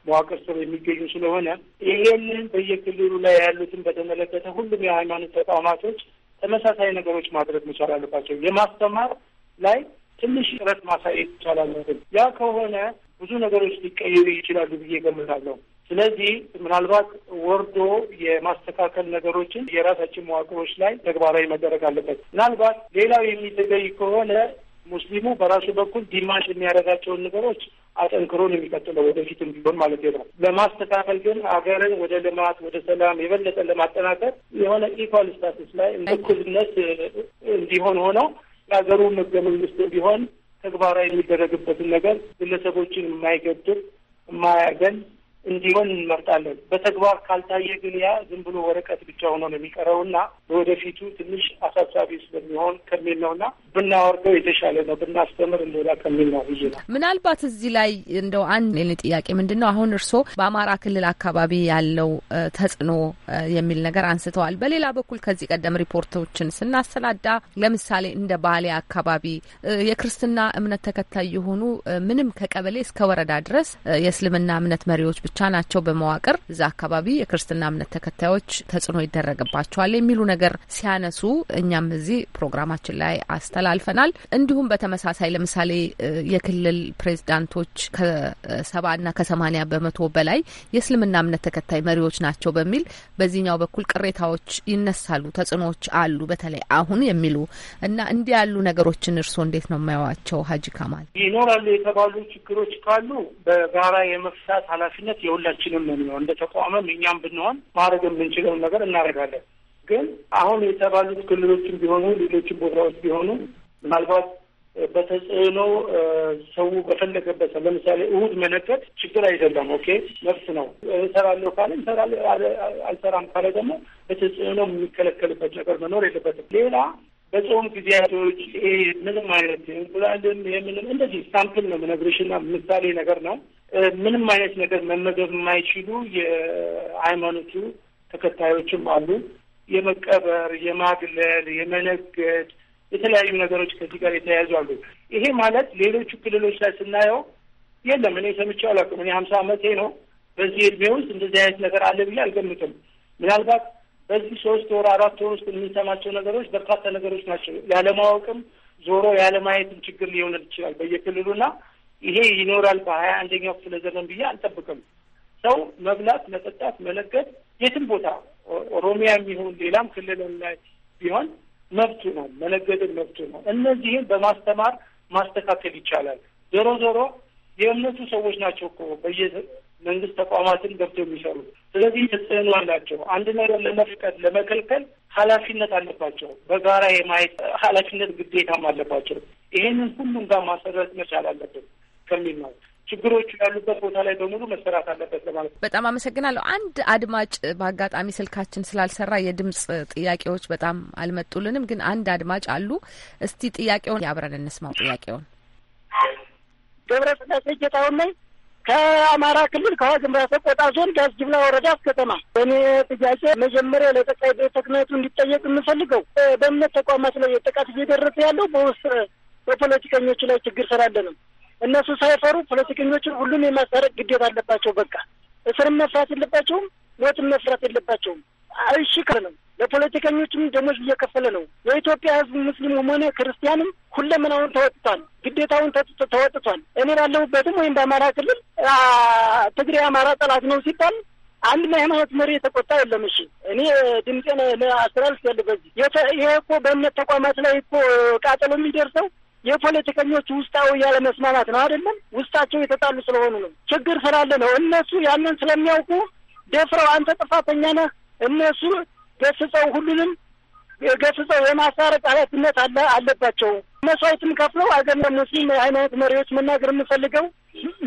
መዋቅር ስር የሚገኙ ስለሆነ ይሄንን በየክልሉ ላይ ያሉትን በተመለከተ ሁሉም የሃይማኖት ተቋማቶች ተመሳሳይ ነገሮች ማድረግ መቻል አለባቸው። የማስተማር ላይ ትንሽ ጥረት ማሳየት ይቻላለን። ያ ከሆነ ብዙ ነገሮች ሊቀየሩ ይችላሉ ብዬ ገምታለሁ። ስለዚህ ምናልባት ወርዶ የማስተካከል ነገሮችን የራሳችን መዋቅሮች ላይ ተግባራዊ መደረግ አለበት። ምናልባት ሌላው የሚዘገይ ከሆነ ሙስሊሙ በራሱ በኩል ዲማንድ የሚያደርጋቸውን ነገሮች አጠንክሮን የሚቀጥለው ወደፊትም ቢሆን ማለት ነው። ለማስተካከል ግን ሀገርን ወደ ልማት ወደ ሰላም የበለጠ ለማጠናከር የሆነ ኢኳል ስታትስ ላይ እኩልነት እንዲሆን ሆነው የሀገሩ ህገ መንግስት ቢሆን ተግባራዊ የሚደረግበትን ነገር ግለሰቦችን የማይገድብ የማያገን እንዲሆን እንመርጣለን። በተግባር ካልታየ ግን ያ ዝም ብሎ ወረቀት ብቻ ሆኖ ነው የሚቀረው እና ለወደፊቱ ትንሽ አሳሳቢ ስለሚሆን ከሚል ነው እና ብናወርደው የተሻለ ነው ብናስተምር እንደሆነ ከሚል ነው ብዬ ነው። ምናልባት እዚህ ላይ እንደው አንድ ሌላ ጥያቄ ምንድን ነው አሁን እርስዎ በአማራ ክልል አካባቢ ያለው ተጽዕኖ የሚል ነገር አንስተዋል። በሌላ በኩል ከዚህ ቀደም ሪፖርቶችን ስናሰናዳ ለምሳሌ እንደ ባሌ አካባቢ የክርስትና እምነት ተከታይ የሆኑ ምንም ከቀበሌ እስከ ወረዳ ድረስ የእስልምና እምነት መሪዎች ብቻ ናቸው በመዋቅር እዛ አካባቢ የክርስትና እምነት ተከታዮች ተጽዕኖ ይደረግባቸዋል የሚሉ ነገር ሲያነሱ እኛም እዚህ ፕሮግራማችን ላይ አስተላልፈናል። እንዲሁም በተመሳሳይ ለምሳሌ የክልል ፕሬዚዳንቶች ከሰባና ከሰማኒያ በመቶ በላይ የእስልምና እምነት ተከታይ መሪዎች ናቸው በሚል በዚህኛው በኩል ቅሬታዎች ይነሳሉ፣ ተጽዕኖዎች አሉ በተለይ አሁን የሚሉ እና እንዲህ ያሉ ነገሮችን እርስዎ እንዴት ነው የማያዋቸው? ሀጂ ካማል ይኖራሉ የተባሉ ችግሮች ካሉ በጋራ የመፍታት ኃላፊነት የሁላችንም ነው የሚሆን። እንደ ተቋምም እኛም ብንሆን ማድረግ የምንችለውን ነገር እናደርጋለን። ግን አሁን የተባሉት ክልሎችም ቢሆኑ ሌሎችም ቦታዎች ቢሆኑ ምናልባት በተጽዕኖ ሰው በፈለገበት ለምሳሌ እሁድ መነገድ ችግር አይደለም። ኦኬ መብት ነው። እሰራለሁ ካለ እንሰራለሁ፣ አልሰራም ካለ ደግሞ በተጽዕኖ የሚከለከልበት ነገር መኖር የለበትም። ሌላ በጾም ጊዜያቶች ይሄ ምንም አይነት እንቁላልም የምንም እንደዚህ ሳምፕል ነው ምነግርሽና ምሳሌ ነገር ነው። ምንም አይነት ነገር መመገብ የማይችሉ የሃይማኖቱ ተከታዮችም አሉ። የመቀበር፣ የማግለል፣ የመነገድ የተለያዩ ነገሮች ከዚህ ጋር የተያያዙ አሉ። ይሄ ማለት ሌሎቹ ክልሎች ላይ ስናየው የለም እኔ ሰምቼ አላውቅም። እኔ ሀምሳ አመቴ ነው። በዚህ እድሜ ውስጥ እንደዚህ አይነት ነገር አለ ብዬ አልገምትም። ምናልባት በዚህ ሶስት ወር አራት ወር ውስጥ የምንሰማቸው ነገሮች በርካታ ነገሮች ናቸው። ያለማወቅም ዞሮ ያለማየትም ችግር ሊሆን ይችላል በየክልሉና ይሄ ይኖራል በሀያ አንደኛው ክፍለ ዘመን ብዬ አልጠብቅም። ሰው መብላት፣ መጠጣት፣ መለገድ የትም ቦታ ኦሮሚያ የሚሆን ሌላም ክልል ላይ ቢሆን መብቱ ነው። መነገድን መብቱ ነው። እነዚህን በማስተማር ማስተካከል ይቻላል። ዞሮ ዞሮ የእምነቱ ሰዎች ናቸው እኮ መንግስት ተቋማትን ገብተው የሚሰሩ ስለዚህ ተጽዕኖ አላቸው። አንድ ነገር ለመፍቀድ ለመከልከል ኃላፊነት አለባቸው። በጋራ የማየት ኃላፊነት ግዴታም አለባቸው። ይሄንን ሁሉም ጋር ማሰረት መቻል አለብን ከሚል ነው ችግሮቹ ያሉበት ቦታ ላይ በሙሉ መሰራት አለበት ለማለት ነው። በጣም አመሰግናለሁ። አንድ አድማጭ በአጋጣሚ ስልካችን ስላልሰራ የድምጽ ጥያቄዎች በጣም አልመጡልንም፣ ግን አንድ አድማጭ አሉ። እስቲ ጥያቄውን ያብረን እንስማው። ጥያቄውን ገብረ ጌታሁን ላይ ከአማራ ክልል ከዋግምራ ሰቆጣ ዞን ዳስ ጅብላ ወረዳ ከተማ እኔ ጥያቄ መጀመሪያ ለጠቅላይ ቤተ ክህነቱ እንዲጠየቅ የምፈልገው በእምነት ተቋማት ላይ ጥቃት እየደረሰ ያለው በውስጥ በፖለቲከኞች ላይ ችግር ስላለ እነሱ ሳይፈሩ ፖለቲከኞችን ሁሉም የማስታረቅ ግዴታ አለባቸው። በቃ እስርም መፍራት የለባቸውም፣ ሞትም መፍራት የለባቸውም። እሺ ካለም ለፖለቲከኞችም ደሞዝ እየከፈለ ነው። የኢትዮጵያ ህዝብ ሙስሊሙም ሆነ ክርስቲያንም ሁለመናውን ተወጥቷል፣ ግዴታውን ተወጥቷል። እኔ ባለሁበትም ወይም በአማራ ክልል ትግሬ አማራ ጠላት ነው ሲባል አንድ የሃይማኖት መሪ የተቆጣ የለም። እሺ እኔ ድምፄን አስተላልፍ ያለ በዚህ ይሄ እኮ በእምነት ተቋማት ላይ እኮ ቃጠሎ የሚደርሰው የፖለቲከኞች ውስጣዊ ያለመስማማት ነው አይደለም። ውስጣቸው የተጣሉ ስለሆኑ ነው፣ ችግር ስላለ ነው። እነሱ ያንን ስለሚያውቁ ደፍረው አንተ ጥፋተኛ ነህ እነሱ ገስጸው ሁሉንም ገስጸው የማስታረቅ ኃላፊነት አለ አለባቸው። መስዋዕትም ከፍለው አገር ሙስሊም ሃይማኖት መሪዎች መናገር የምንፈልገው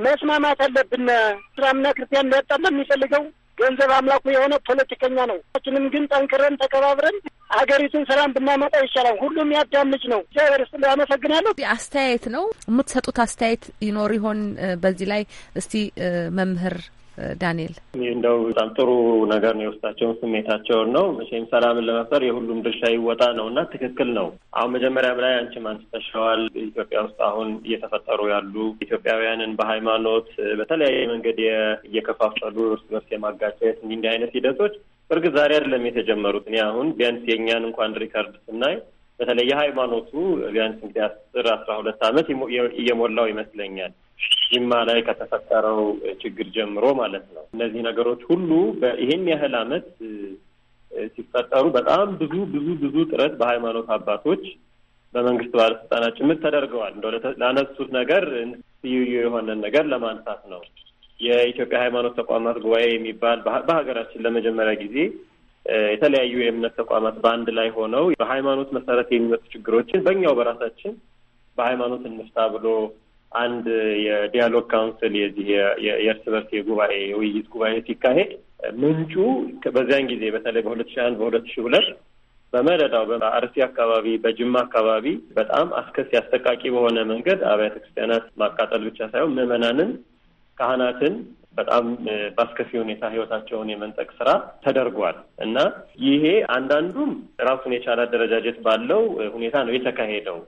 መስማማት አለብን። እስላምና ክርስቲያን ሊያጣላ የሚፈልገው ገንዘብ አምላኩ የሆነ ፖለቲከኛ ነው። ችንም ግን ጠንክረን ተከባብረን አገሪቱን ሰላም ብናመጣ ይሻላል። ሁሉም ያዳምጭ ነው። እግዚአብሔር ስ አመሰግናለሁ። አስተያየት ነው የምትሰጡት አስተያየት ይኖር ይሆን በዚህ ላይ? እስቲ መምህር ዳንኤል? እንደው በጣም ጥሩ ነገር ነው። የውስጣቸውን ስሜታቸውን ነው መቼም ሰላምን ለመፍጠር የሁሉም ድርሻ ይወጣ ነው እና ትክክል ነው። አሁን መጀመሪያ ላይ አንቺም አንስተሻዋል። ኢትዮጵያ ውስጥ አሁን እየተፈጠሩ ያሉ ኢትዮጵያውያንን በሃይማኖት በተለያየ መንገድ እየከፋፈሉ እርስ በርስ የማጋጨት እንዲህ አይነት ሂደቶች እርግጥ ዛሬ አይደለም የተጀመሩት። እኔ አሁን ቢያንስ የእኛን እንኳን ሪከርድ ስናይ በተለይ የሃይማኖቱ ቢያንስ እንግዲህ አስር አስራ ሁለት ዓመት እየሞላው ይመስለኛል ጅማ ላይ ከተፈጠረው ችግር ጀምሮ ማለት ነው። እነዚህ ነገሮች ሁሉ ይህን ያህል አመት ሲፈጠሩ በጣም ብዙ ብዙ ብዙ ጥረት በሃይማኖት አባቶች በመንግስት ባለስልጣናት ጭምር ተደርገዋል። እንደ ላነሱት ነገር ስዩዩ የሆነን ነገር ለማንሳት ነው። የኢትዮጵያ ሃይማኖት ተቋማት ጉባኤ የሚባል በሀገራችን ለመጀመሪያ ጊዜ የተለያዩ የእምነት ተቋማት በአንድ ላይ ሆነው በሃይማኖት መሰረት የሚመጡ ችግሮችን በእኛው በራሳችን በሃይማኖት እንፍታ ብሎ አንድ የዲያሎግ ካውንስል የዚህ የእርስ በርስ የጉባኤ የውይይት ጉባኤ ሲካሄድ ምንጩ በዚያን ጊዜ በተለይ በሁለት ሺ አንድ በሁለት ሺ ሁለት በመረዳው በአርሲ አካባቢ በጅማ አካባቢ በጣም አስከፊ አሰቃቂ በሆነ መንገድ አብያተ ክርስቲያናት ማቃጠል ብቻ ሳይሆን ምዕመናንን፣ ካህናትን በጣም በአስከፊ ሁኔታ ህይወታቸውን የመንጠቅ ስራ ተደርጓል እና ይሄ አንዳንዱም ራሱን የቻለ አደረጃጀት ባለው ሁኔታ ነው የተካሄደው።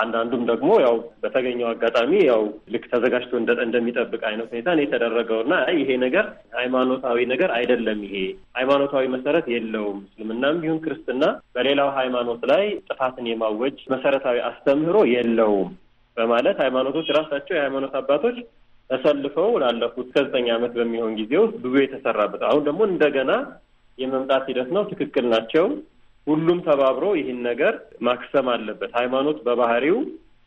አንዳንዱም ደግሞ ያው በተገኘው አጋጣሚ ያው ልክ ተዘጋጅቶ እንደሚጠብቅ አይነት ሁኔታ ነው የተደረገው እና ይሄ ነገር ሃይማኖታዊ ነገር አይደለም። ይሄ ሃይማኖታዊ መሰረት የለውም። እስልምናም ቢሆን ክርስትና በሌላው ሃይማኖት ላይ ጥፋትን የማወጅ መሰረታዊ አስተምህሮ የለውም በማለት ሃይማኖቶች ራሳቸው የሃይማኖት አባቶች ተሰልፈው ላለፉት ከዘጠኝ ዓመት በሚሆን ጊዜ ውስጥ ብዙ የተሰራበት አሁን ደግሞ እንደገና የመምጣት ሂደት ነው። ትክክል ናቸው። ሁሉም ተባብሮ ይህን ነገር ማክሰም አለበት። ሃይማኖት በባህሪው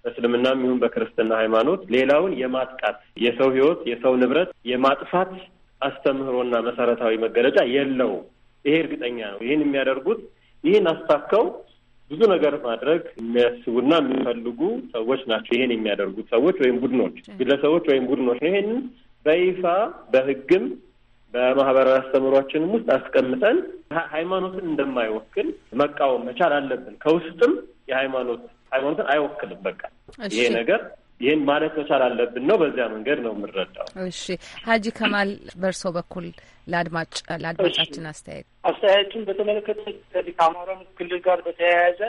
በእስልምናም ይሁን በክርስትና ሃይማኖት ሌላውን የማጥቃት የሰው ህይወት የሰው ንብረት የማጥፋት አስተምህሮና መሰረታዊ መገለጫ የለውም። ይሄ እርግጠኛ ነው። ይህን የሚያደርጉት ይህን አስታከው ብዙ ነገር ማድረግ የሚያስቡና የሚፈልጉ ሰዎች ናቸው። ይሄን የሚያደርጉት ሰዎች ወይም ቡድኖች፣ ግለሰቦች ወይም ቡድኖች ነው። ይሄንን በይፋ በህግም በማህበራዊ አስተምሯችንም ውስጥ አስቀምጠን ሃይማኖትን እንደማይወክል መቃወም መቻል አለብን። ከውስጥም የሃይማኖት ሃይማኖትን አይወክልም። በቃ ይሄ ነገር ይህን ማለት መቻል አለብን ነው። በዚያ መንገድ ነው የምንረዳው። እሺ ሀጂ ከማል በእርሶ በኩል ለአድማጭ ለአድማጫችን አስተያየት አስተያየቱን በተመለከተ ከዚህ ከአማራ ክልል ጋር በተያያዘ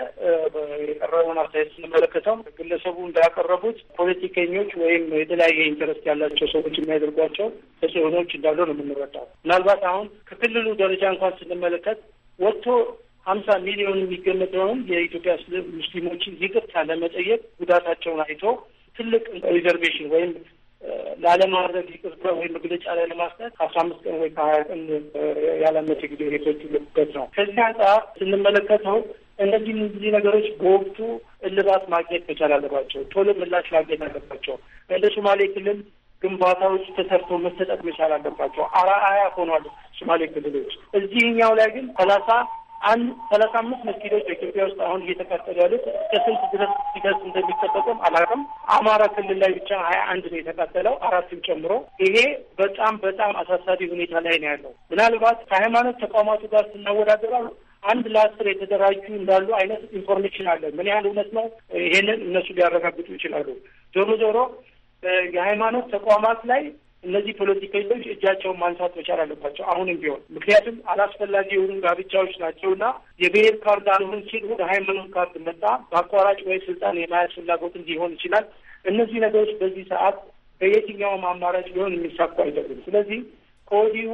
የቀረበውን አስተያየት ስንመለከተው ግለሰቡ እንዳያቀረቡት ፖለቲከኞች ወይም የተለያየ ኢንተረስት ያላቸው ሰዎች የሚያደርጓቸው ተጽዕኖዎች እንዳሉ ነው የምንረዳው። ምናልባት አሁን ከክልሉ ደረጃ እንኳን ስንመለከት ወጥቶ ሀምሳ ሚሊዮን የሚገመተውን የኢትዮጵያ ሙስሊሞችን ይቅርታ ለመጠየቅ ጉዳታቸውን አይቶ ትልቅ ሪዘርቬሽን ወይም ላለማድረግ ይቅርታ ወይም መግለጫ ላይ ለማስጠት አስራ አምስት ቀን ወይ ከሀያ ቀን ያላነሰ ጊዜ ሄቶች ይለቁበት ነው። ከዚህ አንጻር ስንመለከተው እነዚህ እነዚህ ነገሮች በወቅቱ እልባት ማግኘት መቻል አለባቸው። ቶሎ ምላሽ ማግኘት አለባቸው። እንደ ሶማሌ ክልል ግንባታዎች ተሰርቶ መሰጠት መቻል አለባቸው። አርአያ ሆኗል ሶማሌ ክልሎች። እዚህኛው ላይ ግን ሰላሳ አንድ ሰላሳ አምስት መስጊዶች በኢትዮጵያ ውስጥ አሁን እየተቃጠሉ ያሉት ስንት ድረስ ሲደርስ እንደሚጠበቅም አላውቅም። አማራ ክልል ላይ ብቻ ሀያ አንድ ነው የተቃጠለው አራትም ጨምሮ። ይሄ በጣም በጣም አሳሳቢ ሁኔታ ላይ ነው ያለው። ምናልባት ከሃይማኖት ተቋማቱ ጋር ስናወዳደራሉ አንድ ለአስር የተደራጁ እንዳሉ አይነት ኢንፎርሜሽን አለ። ምን ያህል እውነት ነው? ይሄንን እነሱ ሊያረጋግጡ ይችላሉ። ዞሮ ዞሮ የሃይማኖት ተቋማት ላይ እነዚህ ፖለቲከኞች እጃቸውን ማንሳት መቻል አለባቸው አሁንም ቢሆን ምክንያቱም አላስፈላጊ የሆኑ ጋብቻዎች ናቸው እና የብሔር ካርድ አልሆን ሲል ወደ ሃይማኖት ካርድ መጣ በአቋራጭ ወይ ስልጣን የማያዝ ፍላጎትን ሊሆን ይችላል። እነዚህ ነገሮች በዚህ ሰዓት በየትኛውም አማራጭ ቢሆን የሚሳኩ አይደሉም። ስለዚህ ከወዲሁ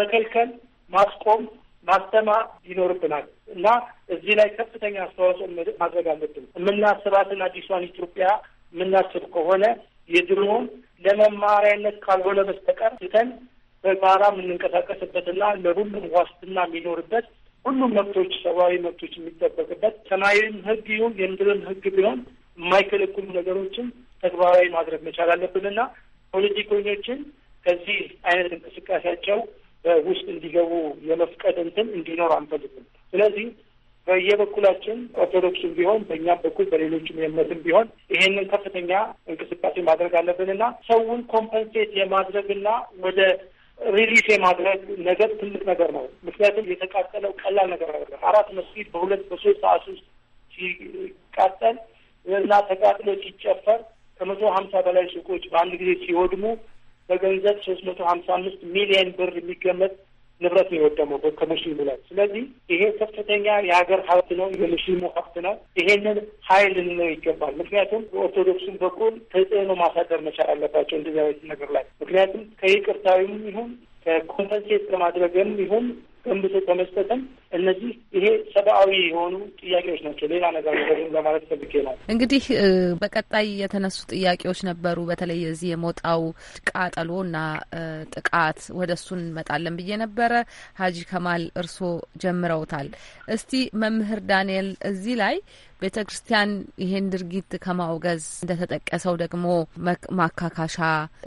መከልከል፣ ማስቆም፣ ማስተማር ይኖርብናል እና እዚህ ላይ ከፍተኛ አስተዋጽኦ ማድረግ አለብን። የምናስባትን አዲሷን ኢትዮጵያ የምናስብ ከሆነ የድሮውን ለመማሪያነት ካልሆነ በስተቀር ትተን በጋራ የምንንቀሳቀስበትና ለሁሉም ዋስትና የሚኖርበት ሁሉም መብቶች፣ ሰብአዊ መብቶች የሚጠበቅበት ሰማያዊም ህግ ይሁን የምድርም ህግ ቢሆን የማይከለክሉ ነገሮችን ተግባራዊ ማድረግ መቻል አለብንና ፖለቲከኞችን ከዚህ አይነት እንቅስቃሴያቸው ውስጥ እንዲገቡ የመፍቀድ እንትን እንዲኖር አንፈልግም። ስለዚህ በየበኩላችን ኦርቶዶክስም ቢሆን በእኛም በኩል በሌሎችም የእምነትም ቢሆን ይሄንን ከፍተኛ እንቅስቃሴ ማድረግ አለብንና ሰውን ኮምፐንሴት የማድረግና ወደ ሪሊፍ የማድረግ ነገር ትልቅ ነገር ነው። ምክንያቱም የተቃጠለው ቀላል ነገር አይደለም። አራት መስጊድ በሁለት በሶስት ሰዓት ውስጥ ሲቃጠል እና ተቃጥሎ ሲጨፈር ከመቶ ሀምሳ በላይ ሱቆች በአንድ ጊዜ ሲወድሙ በገንዘብ ሶስት መቶ ሀምሳ አምስት ሚሊየን ብር የሚገመት ንብረት ነው የወደመው ከሙስሊሙ ላይ። ስለዚህ ይሄ ከፍተኛ የሀገር ሀብት ነው፣ የሙስሊሙ ሀብት ነው። ይሄንን ሀይል ልንለው ይገባል። ምክንያቱም በኦርቶዶክሱም በኩል ተጽዕኖ ማሳደር መቻል አለባቸው እንደዚህ አይነት ነገር ላይ ምክንያቱም ከይቅርታዊም ይሁን ከኮምፐንሴት ለማድረግም ይሁን ገንብቶ በመስጠትም እነዚህ ይሄ ሰብአዊ የሆኑ ጥያቄዎች ናቸው። ሌላ ነገር ነገሩን ለማለት ፈልጌ ነው። እንግዲህ በቀጣይ የተነሱ ጥያቄዎች ነበሩ። በተለይ የዚህ የሞጣው ቃጠሎ እና ጥቃት ወደ እሱ እንመጣለን ብዬ ነበረ። ሀጂ ከማል እርስዎ ጀምረውታል። እስቲ መምህር ዳንኤል እዚህ ላይ ቤተ ክርስቲያን ይሄን ድርጊት ከማውገዝ እንደተጠቀሰው ደግሞ ማካካሻ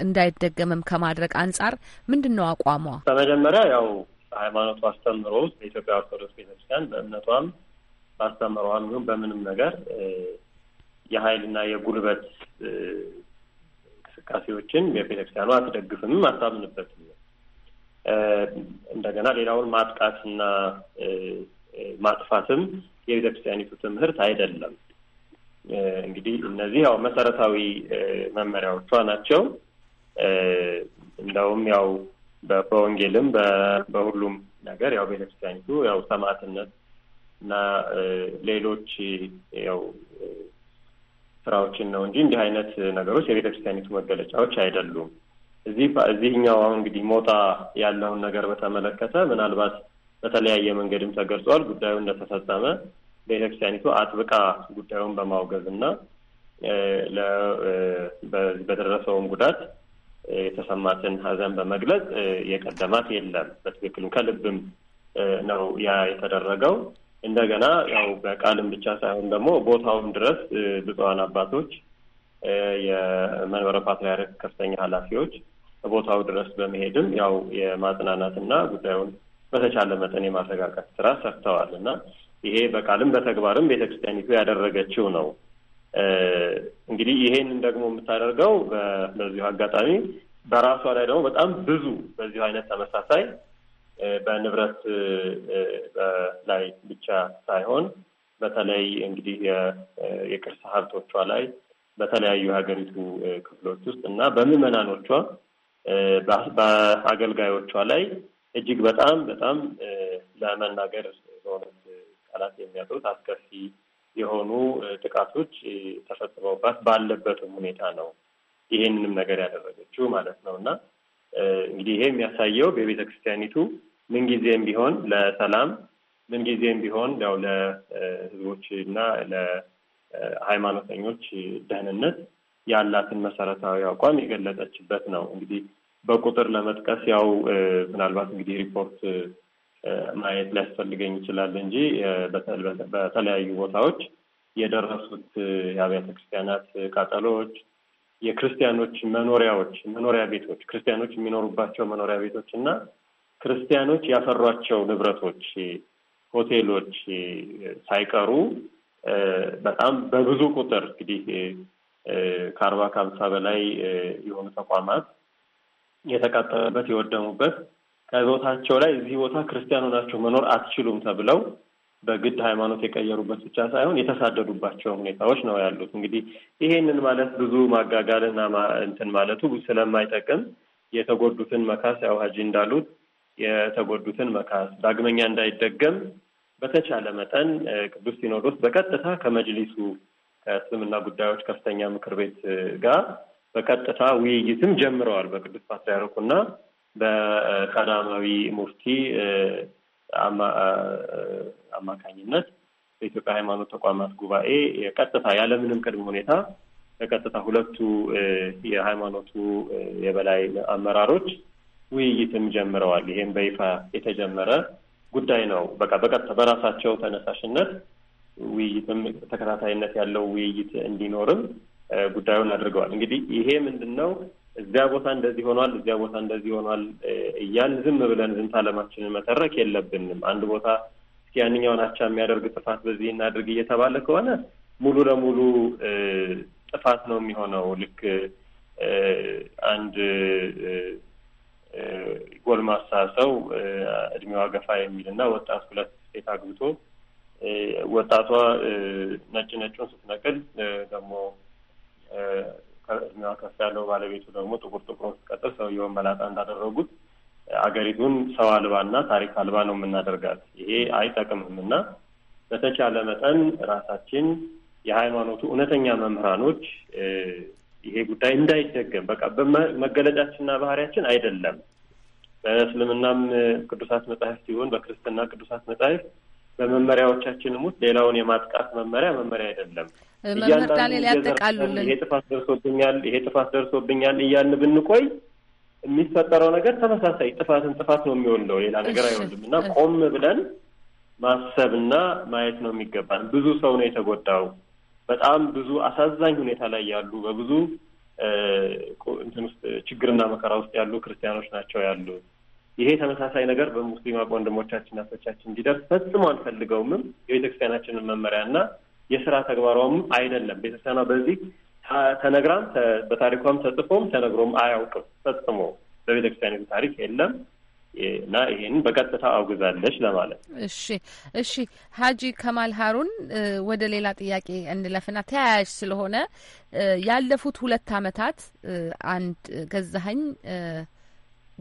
እንዳይደገምም ከማድረግ አንጻር ምንድን ነው አቋሟ? በመጀመሪያ ያው በሃይማኖቱ አስተምሮ ውስጥ በኢትዮጵያ ኦርቶዶክስ ቤተክርስቲያን በእምነቷም ባስተምረዋል ግን በምንም ነገር የሀይልና የጉልበት እንቅስቃሴዎችን የቤተክርስቲያኗ አትደግፍም፣ አታምንበትም። እንደገና ሌላውን ማጥቃትና ማጥፋትም የቤተክርስቲያኒቱ ትምህርት አይደለም። እንግዲህ እነዚህ ያው መሰረታዊ መመሪያዎቿ ናቸው። እንደውም ያው በወንጌልም በሁሉም ነገር ያው ቤተክርስቲያኒቱ ያው ሰማዕትነት እና ሌሎች ያው ስራዎችን ነው እንጂ እንዲህ አይነት ነገሮች የቤተክርስቲያኒቱ መገለጫዎች አይደሉም። እዚህ እዚህኛው አሁን እንግዲህ ሞጣ ያለውን ነገር በተመለከተ ምናልባት በተለያየ መንገድም ተገልጿል። ጉዳዩ እንደተፈጸመ ቤተክርስቲያኒቱ አጥብቃ ጉዳዩን በማውገዝ እና በደረሰውም ጉዳት የተሰማትን ሀዘን በመግለጽ የቀደማት የለም። በትክክልም ከልብም ነው ያ የተደረገው። እንደገና ያው በቃልም ብቻ ሳይሆን ደግሞ ቦታውም ድረስ ብፁዓን አባቶች፣ የመንበረ ፓትርያርክ ከፍተኛ ኃላፊዎች ቦታው ድረስ በመሄድም ያው የማጽናናትና ጉዳዩን በተቻለ መጠን የማረጋጋት ስራ ሰርተዋል እና ይሄ በቃልም በተግባርም ቤተክርስቲያኒቱ ያደረገችው ነው። እንግዲህ ይሄንን ደግሞ የምታደርገው በዚሁ አጋጣሚ በራሷ ላይ ደግሞ በጣም ብዙ በዚሁ አይነት ተመሳሳይ በንብረት ላይ ብቻ ሳይሆን በተለይ እንግዲህ የቅርስ ሀብቶቿ ላይ በተለያዩ የሀገሪቱ ክፍሎች ውስጥ እና በምዕመናኖቿ በአገልጋዮቿ ላይ እጅግ በጣም በጣም ለመናገር በእውነት ቃላት የሚያጥሩት አስከፊ የሆኑ ጥቃቶች ተፈጽመውባት ባለበትም ሁኔታ ነው ይሄንንም ነገር ያደረገችው ማለት ነው እና እንግዲህ ይሄ የሚያሳየው በቤተ ክርስቲያኒቱ ምንጊዜም ቢሆን ለሰላም ምንጊዜም ቢሆን ያው ለህዝቦች እና ለሃይማኖተኞች ደህንነት ያላትን መሰረታዊ አቋም የገለጠችበት ነው። እንግዲህ በቁጥር ለመጥቀስ ያው ምናልባት እንግዲህ ሪፖርት ማየት ሊያስፈልገኝ ይችላል እንጂ በተለያዩ ቦታዎች የደረሱት የአብያተ ክርስቲያናት ቃጠሎዎች፣ የክርስቲያኖች መኖሪያዎች መኖሪያ ቤቶች ክርስቲያኖች የሚኖሩባቸው መኖሪያ ቤቶች እና ክርስቲያኖች ያፈሯቸው ንብረቶች፣ ሆቴሎች ሳይቀሩ በጣም በብዙ ቁጥር እንግዲህ ከአርባ ከሀምሳ በላይ የሆኑ ተቋማት የተቃጠሉበት የወደሙበት ከቦታቸው ላይ እዚህ ቦታ ክርስቲያን ሆናችሁ መኖር አትችሉም ተብለው በግድ ሃይማኖት የቀየሩበት ብቻ ሳይሆን የተሳደዱባቸው ሁኔታዎች ነው ያሉት። እንግዲህ ይሄንን ማለት ብዙ ማጋጋልና እንትን ማለቱ ስለማይጠቅም የተጎዱትን መካስ ያው ሀጂ እንዳሉት የተጎዱትን መካስ ዳግመኛ እንዳይደገም በተቻለ መጠን ቅዱስ ሲኖዶስ በቀጥታ ከመጅሊሱ ከእስልምና ጉዳዮች ከፍተኛ ምክር ቤት ጋር በቀጥታ ውይይትም ጀምረዋል በቅዱስ ፓትርያርኩና በቀዳማዊ ሙፍቲ አማካኝነት በኢትዮጵያ ሃይማኖት ተቋማት ጉባኤ ቀጥታ ያለምንም ቅድመ ሁኔታ በቀጥታ ሁለቱ የሃይማኖቱ የበላይ አመራሮች ውይይትም ጀምረዋል። ይህም በይፋ የተጀመረ ጉዳይ ነው። በቃ በቀጥታ በራሳቸው ተነሳሽነት ውይይትም ተከታታይነት ያለው ውይይት እንዲኖርም ጉዳዩን አድርገዋል። እንግዲህ ይሄ ምንድን ነው እዚያ ቦታ እንደዚህ ሆኗል፣ እዚያ ቦታ እንደዚህ ሆኗል እያል ዝም ብለን ዝምታ ዓለማችንን መተረክ የለብንም። አንድ ቦታ እስኪ ያንኛውን አቻ የሚያደርግ ጥፋት በዚህ እናድርግ እየተባለ ከሆነ ሙሉ ለሙሉ ጥፋት ነው የሚሆነው። ልክ አንድ ጎልማሳ ሰው እድሜዋ ገፋ የሚልና ወጣት ሁለት ሴት አግብቶ ወጣቷ ነጭ ነጩን ስትነቅል ደግሞ እድሜዋ ከፍ ያለው ባለቤቱ ደግሞ ጥቁር ጥቁር ስትቀጥል ሰውየውን መላጣ እንዳደረጉት አገሪቱን ሰው አልባና ታሪክ አልባ ነው የምናደርጋት። ይሄ አይጠቅምም እና በተቻለ መጠን ራሳችን የሃይማኖቱ እውነተኛ መምህራኖች ይሄ ጉዳይ እንዳይደገም በቃ በመገለጫችንና ባህሪያችን አይደለም። በእስልምናም ቅዱሳት መጽሐፍ ሲሆን በክርስትና ቅዱሳት መጽሐፍ በመመሪያዎቻችንም ውስጥ ሌላውን የማጥቃት መመሪያ መመሪያ አይደለም። መምህር ዳንኤል ያጠቃሉልን። ይሄ ጥፋት ደርሶብኛል፣ ይሄ ጥፋት ደርሶብኛል እያልን ብንቆይ የሚፈጠረው ነገር ተመሳሳይ ጥፋትን ጥፋት ነው የሚወልደው፣ ሌላ ነገር አይወልድም። እና ቆም ብለን ማሰብና ማየት ነው የሚገባን። ብዙ ሰው ነው የተጎዳው። በጣም ብዙ አሳዛኝ ሁኔታ ላይ ያሉ በብዙ እንትን ውስጥ ችግርና መከራ ውስጥ ያሉ ክርስቲያኖች ናቸው ያሉ። ይሄ ተመሳሳይ ነገር በሙስሊም ወንድሞቻችን እናቶቻችን እንዲደርስ ፈጽሞ አንፈልገውምም። የቤተክርስቲያናችንን መመሪያና የስራ ተግባሯም አይደለም። ቤተክርስቲያኗ በዚህ ተነግራም በታሪኳም ተጽፎም ተነግሮም አያውቅም። ፈጽሞ በቤተክርስቲያን ታሪክ የለም እና ይህን በቀጥታ አውግዛለች ለማለት እሺ፣ እሺ። ሀጂ ከማል ሀሩን ወደ ሌላ ጥያቄ እንለፍና ተያያዥ ስለሆነ ያለፉት ሁለት አመታት አንድ ገዛኸኝ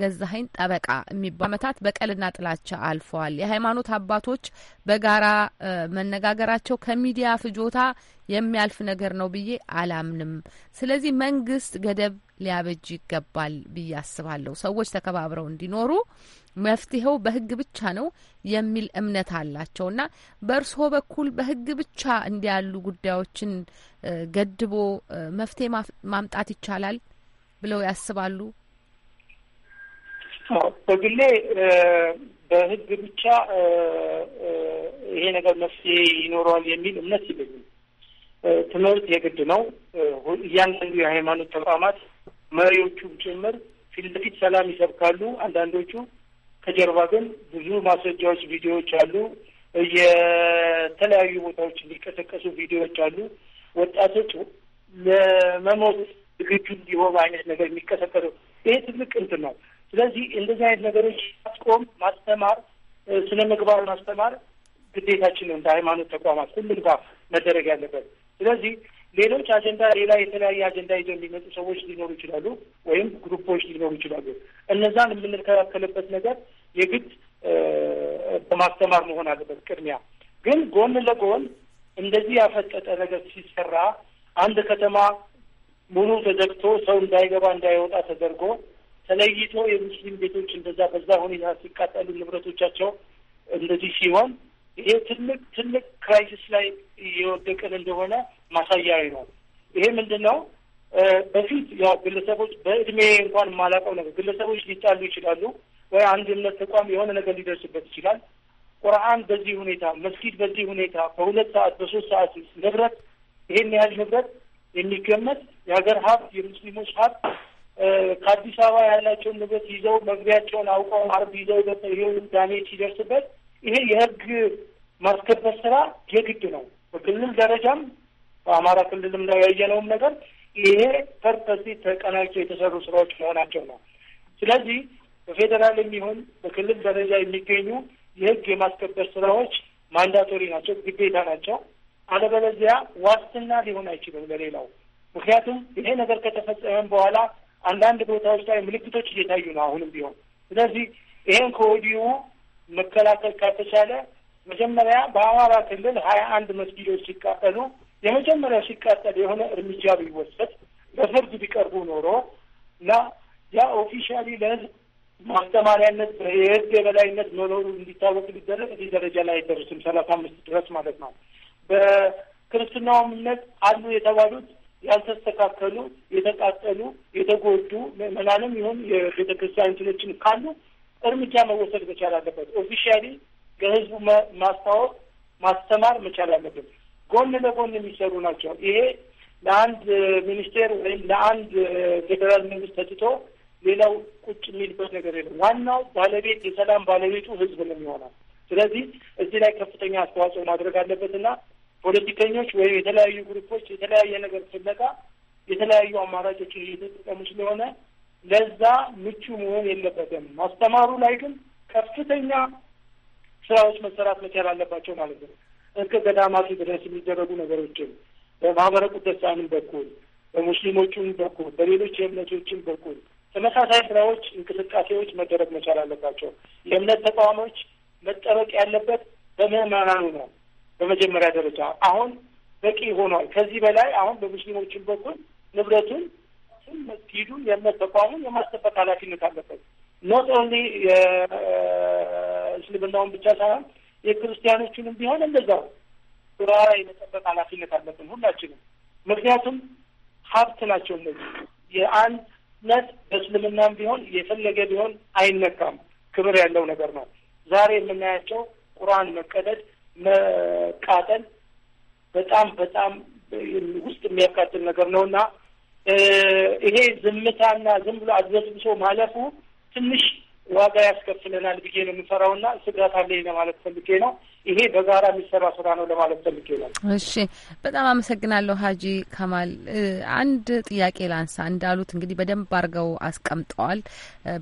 ገዛኸኝ ጠበቃ የሚባሉ ዓመታት በቀልና ጥላቻ አልፈዋል። የሃይማኖት አባቶች በጋራ መነጋገራቸው ከሚዲያ ፍጆታ የሚያልፍ ነገር ነው ብዬ አላምንም። ስለዚህ መንግስት ገደብ ሊያበጅ ይገባል ብዬ አስባለሁ። ሰዎች ተከባብረው እንዲኖሩ መፍትሄው በህግ ብቻ ነው የሚል እምነት አላቸውና በእርስዎ በኩል በህግ ብቻ እንዲያሉ ጉዳዮችን ገድቦ መፍትሄ ማምጣት ይቻላል ብለው ያስባሉ? በግሌ በህግ ብቻ ይሄ ነገር መፍትሄ ይኖረዋል የሚል እምነት የለኝም። ትምህርት የግድ ነው። እያንዳንዱ የሃይማኖት ተቋማት መሪዎቹም ጭምር ፊት ለፊት ሰላም ይሰብካሉ። አንዳንዶቹ ከጀርባ ግን ብዙ ማስረጃዎች፣ ቪዲዮዎች አሉ። የተለያዩ ቦታዎች እንዲቀሰቀሱ ቪዲዮዎች አሉ። ወጣቶች ለመሞት ዝግጁ እንዲሆኑ አይነት ነገር የሚቀሰቀሰው ይሄ ትልቅ እንትን ነው። ስለዚህ እንደዚህ አይነት ነገሮች ማስቆም፣ ማስተማር፣ ስነ ምግባር ማስተማር ግዴታችን ነው እንደ ሃይማኖት ተቋማት ሁሉም ጋር መደረግ ያለበት። ስለዚህ ሌሎች አጀንዳ ሌላ የተለያየ አጀንዳ ይዘው የሚመጡ ሰዎች ሊኖሩ ይችላሉ፣ ወይም ግሩፖች ሊኖሩ ይችላሉ። እነዛን የምንከላከልበት ነገር የግድ በማስተማር መሆን አለበት። ቅድሚያ ግን ጎን ለጎን እንደዚህ ያፈጠጠ ነገር ሲሰራ አንድ ከተማ ሙሉ ተዘግቶ ሰው እንዳይገባ እንዳይወጣ ተደርጎ ተለይቶ የሙስሊም ቤቶች እንደዛ በዛ ሁኔታ ሲቃጠሉ ንብረቶቻቸው እንደዚህ ሲሆን ይሄ ትልቅ ትልቅ ክራይሲስ ላይ እየወደቅን እንደሆነ ማሳያዊ ነው። ይሄ ምንድን ነው? በፊት ያው ግለሰቦች በእድሜ እንኳን የማላውቀው ነገር ግለሰቦች ሊጣሉ ይችላሉ ወይ አንድ እምነት ተቋም የሆነ ነገር ሊደርስበት ይችላል። ቁርአን በዚህ ሁኔታ መስጊድ በዚህ ሁኔታ በሁለት ሰዓት በሶስት ሰዓት ንብረት ይሄን ያህል ንብረት የሚገመት የሀገር ሀብት የሙስሊሞች ሀብት ከአዲስ አበባ ያላቸውን ንብረት ይዘው መግቢያቸውን አውቀው አርብ ይዘው ይሄ ዳሜጅ ሲደርስበት ይሄ የህግ ማስከበር ስራ የግድ ነው። በክልል ደረጃም በአማራ ክልልም ላይ ያየነውም ነገር ይሄ ፐርፐስ ተቀናጅተው የተሰሩ ስራዎች መሆናቸው ነው። ስለዚህ በፌዴራል የሚሆን በክልል ደረጃ የሚገኙ የህግ የማስከበር ስራዎች ማንዳቶሪ ናቸው፣ ግዴታ ናቸው። አለበለዚያ ዋስትና ሊሆን አይችልም ለሌላው። ምክንያቱም ይሄ ነገር ከተፈጸመም በኋላ አንዳንድ ቦታዎች ላይ ምልክቶች እየታዩ ነው አሁንም ቢሆን። ስለዚህ ይሄን ከወዲሁ መከላከል ካልተቻለ መጀመሪያ በአማራ ክልል ሀያ አንድ መስጊዶች ሲቃጠሉ የመጀመሪያ ሲቃጠል የሆነ እርምጃ ቢወሰድ በፍርድ ቢቀርቡ ኖሮ እና ያ ኦፊሻሊ ለህዝብ ማስተማሪያነት የህግ የበላይነት መኖሩ እንዲታወቅ ሊደረግ እዚህ ደረጃ ላይ አይደርስም። ሰላሳ አምስት ድረስ ማለት ነው። በክርስትናው እምነት አሉ የተባሉት ያልተስተካከሉ፣ የተቃጠሉ፣ የተጎዱ ምዕመናንም ይሁን የቤተ ክርስቲያን እንትኖችም ካሉ እርምጃ መወሰድ መቻል አለበት። ኦፊሻሊ ለህዝቡ ማስታወቅ ማስተማር መቻል አለበት። ጎን ለጎን የሚሰሩ ናቸው። ይሄ ለአንድ ሚኒስቴር ወይም ለአንድ ፌዴራል መንግስት ተትቶ ሌላው ቁጭ የሚልበት ነገር የለም። ዋናው ባለቤት የሰላም ባለቤቱ ህዝብ ነው የሚሆነው። ስለዚህ እዚህ ላይ ከፍተኛ አስተዋጽኦ ማድረግ አለበትና ፖለቲከኞች ወይም የተለያዩ ግሩፖች የተለያየ ነገር ፍለጋ የተለያዩ አማራጮችን እየተጠቀሙ ስለሆነ ለዛ ምቹ መሆን የለበትም። ማስተማሩ ላይ ግን ከፍተኛ ስራዎች መሰራት መቻል አለባቸው ማለት ነው። እስከ ገዳማቱ ድረስ የሚደረጉ ነገሮችን በማህበረ ቅዱሳንም በኩል በሙስሊሞቹም በኩል በሌሎች የእምነቶችም በኩል ተመሳሳይ ስራዎች፣ እንቅስቃሴዎች መደረግ መቻል አለባቸው። የእምነት ተቋሞች መጠበቅ ያለበት በምዕመናኑ ነው። በመጀመሪያ ደረጃ አሁን በቂ ሆኗል። ከዚህ በላይ አሁን በሙስሊሞችን በኩል ንብረቱን፣ መስጊዱን፣ የእምነት ተቋሙን የማስጠበቅ ኃላፊነት አለበት። ኖት ኦንሊ የእስልምናውን ብቻ ሳይሆን የክርስቲያኖቹንም ቢሆን እንደዛው ራ የመጠበቅ ኃላፊነት አለብን ሁላችንም። ምክንያቱም ሀብት ናቸው እነዚህ የአንድነት በእስልምናም ቢሆን የፈለገ ቢሆን አይነካም፣ ክብር ያለው ነገር ነው። ዛሬ የምናያቸው ቁርአን መቀደድ መቃጠል በጣም በጣም ውስጥ የሚያቃጥል ነገር ነው እና ይሄ ዝምታና ዝም ብሎ አድበስብሶ ማለፉ ትንሽ ዋጋ ያስከፍለናል ብዬ ነው የምፈራውና ስጋት አለኝ ለማለት ፈልጌ ነው። ይሄ በጋራ የሚሰራ ስራ ነው ለማለት ፈልጌ ነው። እሺ፣ በጣም አመሰግናለሁ ሀጂ ከማል። አንድ ጥያቄ ላንሳ። እንዳሉት እንግዲህ በደንብ አድርገው አስቀምጠዋል።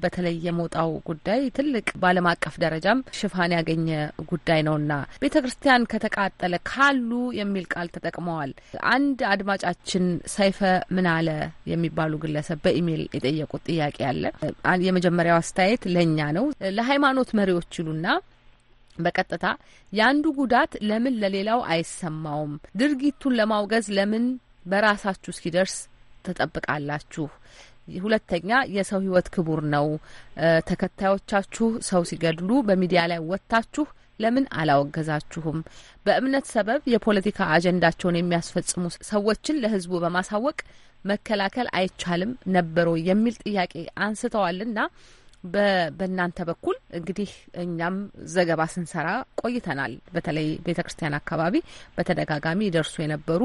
በተለይ የሞጣው ጉዳይ ትልቅ በዓለም አቀፍ ደረጃም ሽፋን ያገኘ ጉዳይ ነውና ቤተ ክርስቲያን ከተቃጠለ ካሉ የሚል ቃል ተጠቅመዋል። አንድ አድማጫችን ሰይፈ ምናለ የሚባሉ ግለሰብ በኢሜይል የጠየቁት ጥያቄ አለ። የመጀመሪያው አስተያየት ለእኛ ነው ለሃይማኖት መሪዎች ይሉና በቀጥታ የአንዱ ጉዳት ለምን ለሌላው አይሰማውም? ድርጊቱን ለማውገዝ ለምን በራሳችሁ እስኪደርስ ትጠብቃላችሁ? ሁለተኛ የሰው ህይወት ክቡር ነው። ተከታዮቻችሁ ሰው ሲገድሉ በሚዲያ ላይ ወጥታችሁ ለምን አላወገዛችሁም? በእምነት ሰበብ የፖለቲካ አጀንዳቸውን የሚያስፈጽሙ ሰዎችን ለህዝቡ በማሳወቅ መከላከል አይቻልም ነበሮ የሚል ጥያቄ አንስተዋልና በእናንተ በኩል እንግዲህ እኛም ዘገባ ስንሰራ ቆይተናል። በተለይ ቤተ ክርስቲያን አካባቢ በተደጋጋሚ ይደርሱ የነበሩ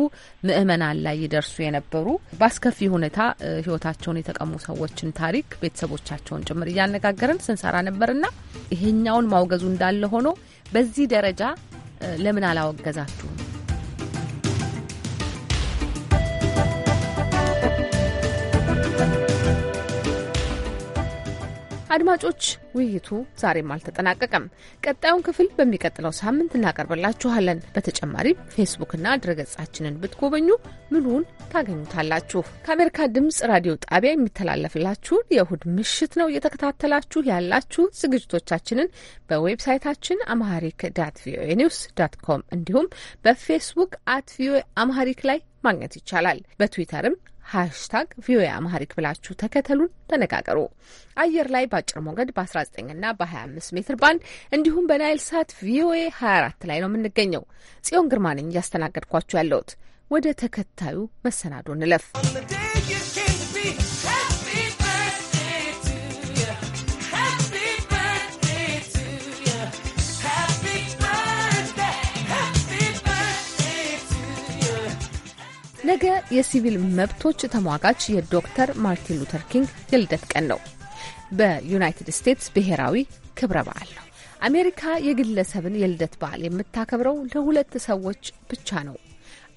ምእመናን ላይ ይደርሱ የነበሩ በአስከፊ ሁኔታ ሕይወታቸውን የተቀሙ ሰዎችን ታሪክ ቤተሰቦቻቸውን ጭምር እያነጋገርን ስንሰራ ነበርና ይሄኛውን ማውገዙ እንዳለ ሆኖ በዚህ ደረጃ ለምን አላወገዛችሁም? አድማጮች፣ ውይይቱ ዛሬም አልተጠናቀቀም። ቀጣዩን ክፍል በሚቀጥለው ሳምንት እናቀርብላችኋለን። በተጨማሪም ፌስቡክና ድረገጻችንን ብትጎበኙ ምሉን ታገኙታላችሁ። ከአሜሪካ ድምጽ ራዲዮ ጣቢያ የሚተላለፍላችሁን የእሁድ ምሽት ነው እየተከታተላችሁ ያላችሁ። ዝግጅቶቻችንን በዌብሳይታችን አምሃሪክ ዳት ቪኦኤ ኒውስ ዳት ኮም እንዲሁም በፌስቡክ አት ቪኦኤ አምሃሪክ ላይ ማግኘት ይቻላል። በትዊተርም ሃሽታግ ቪኦኤ አማሪክ ብላችሁ ተከተሉን፣ ተነጋገሩ። አየር ላይ በአጭር ሞገድ በ19 እና በ25 ሜትር ባንድ እንዲሁም በናይል ሳት ቪኦኤ 24 ላይ ነው የምንገኘው። ጽዮን ግርማ ነኝ እያስተናገድኳችሁ ያለሁት። ወደ ተከታዩ መሰናዶ እንለፍ። ነገ የሲቪል መብቶች ተሟጋች የዶክተር ማርቲን ሉተር ኪንግ የልደት ቀን ነው። በዩናይትድ ስቴትስ ብሔራዊ ክብረ በዓል ነው። አሜሪካ የግለሰብን የልደት በዓል የምታከብረው ለሁለት ሰዎች ብቻ ነው።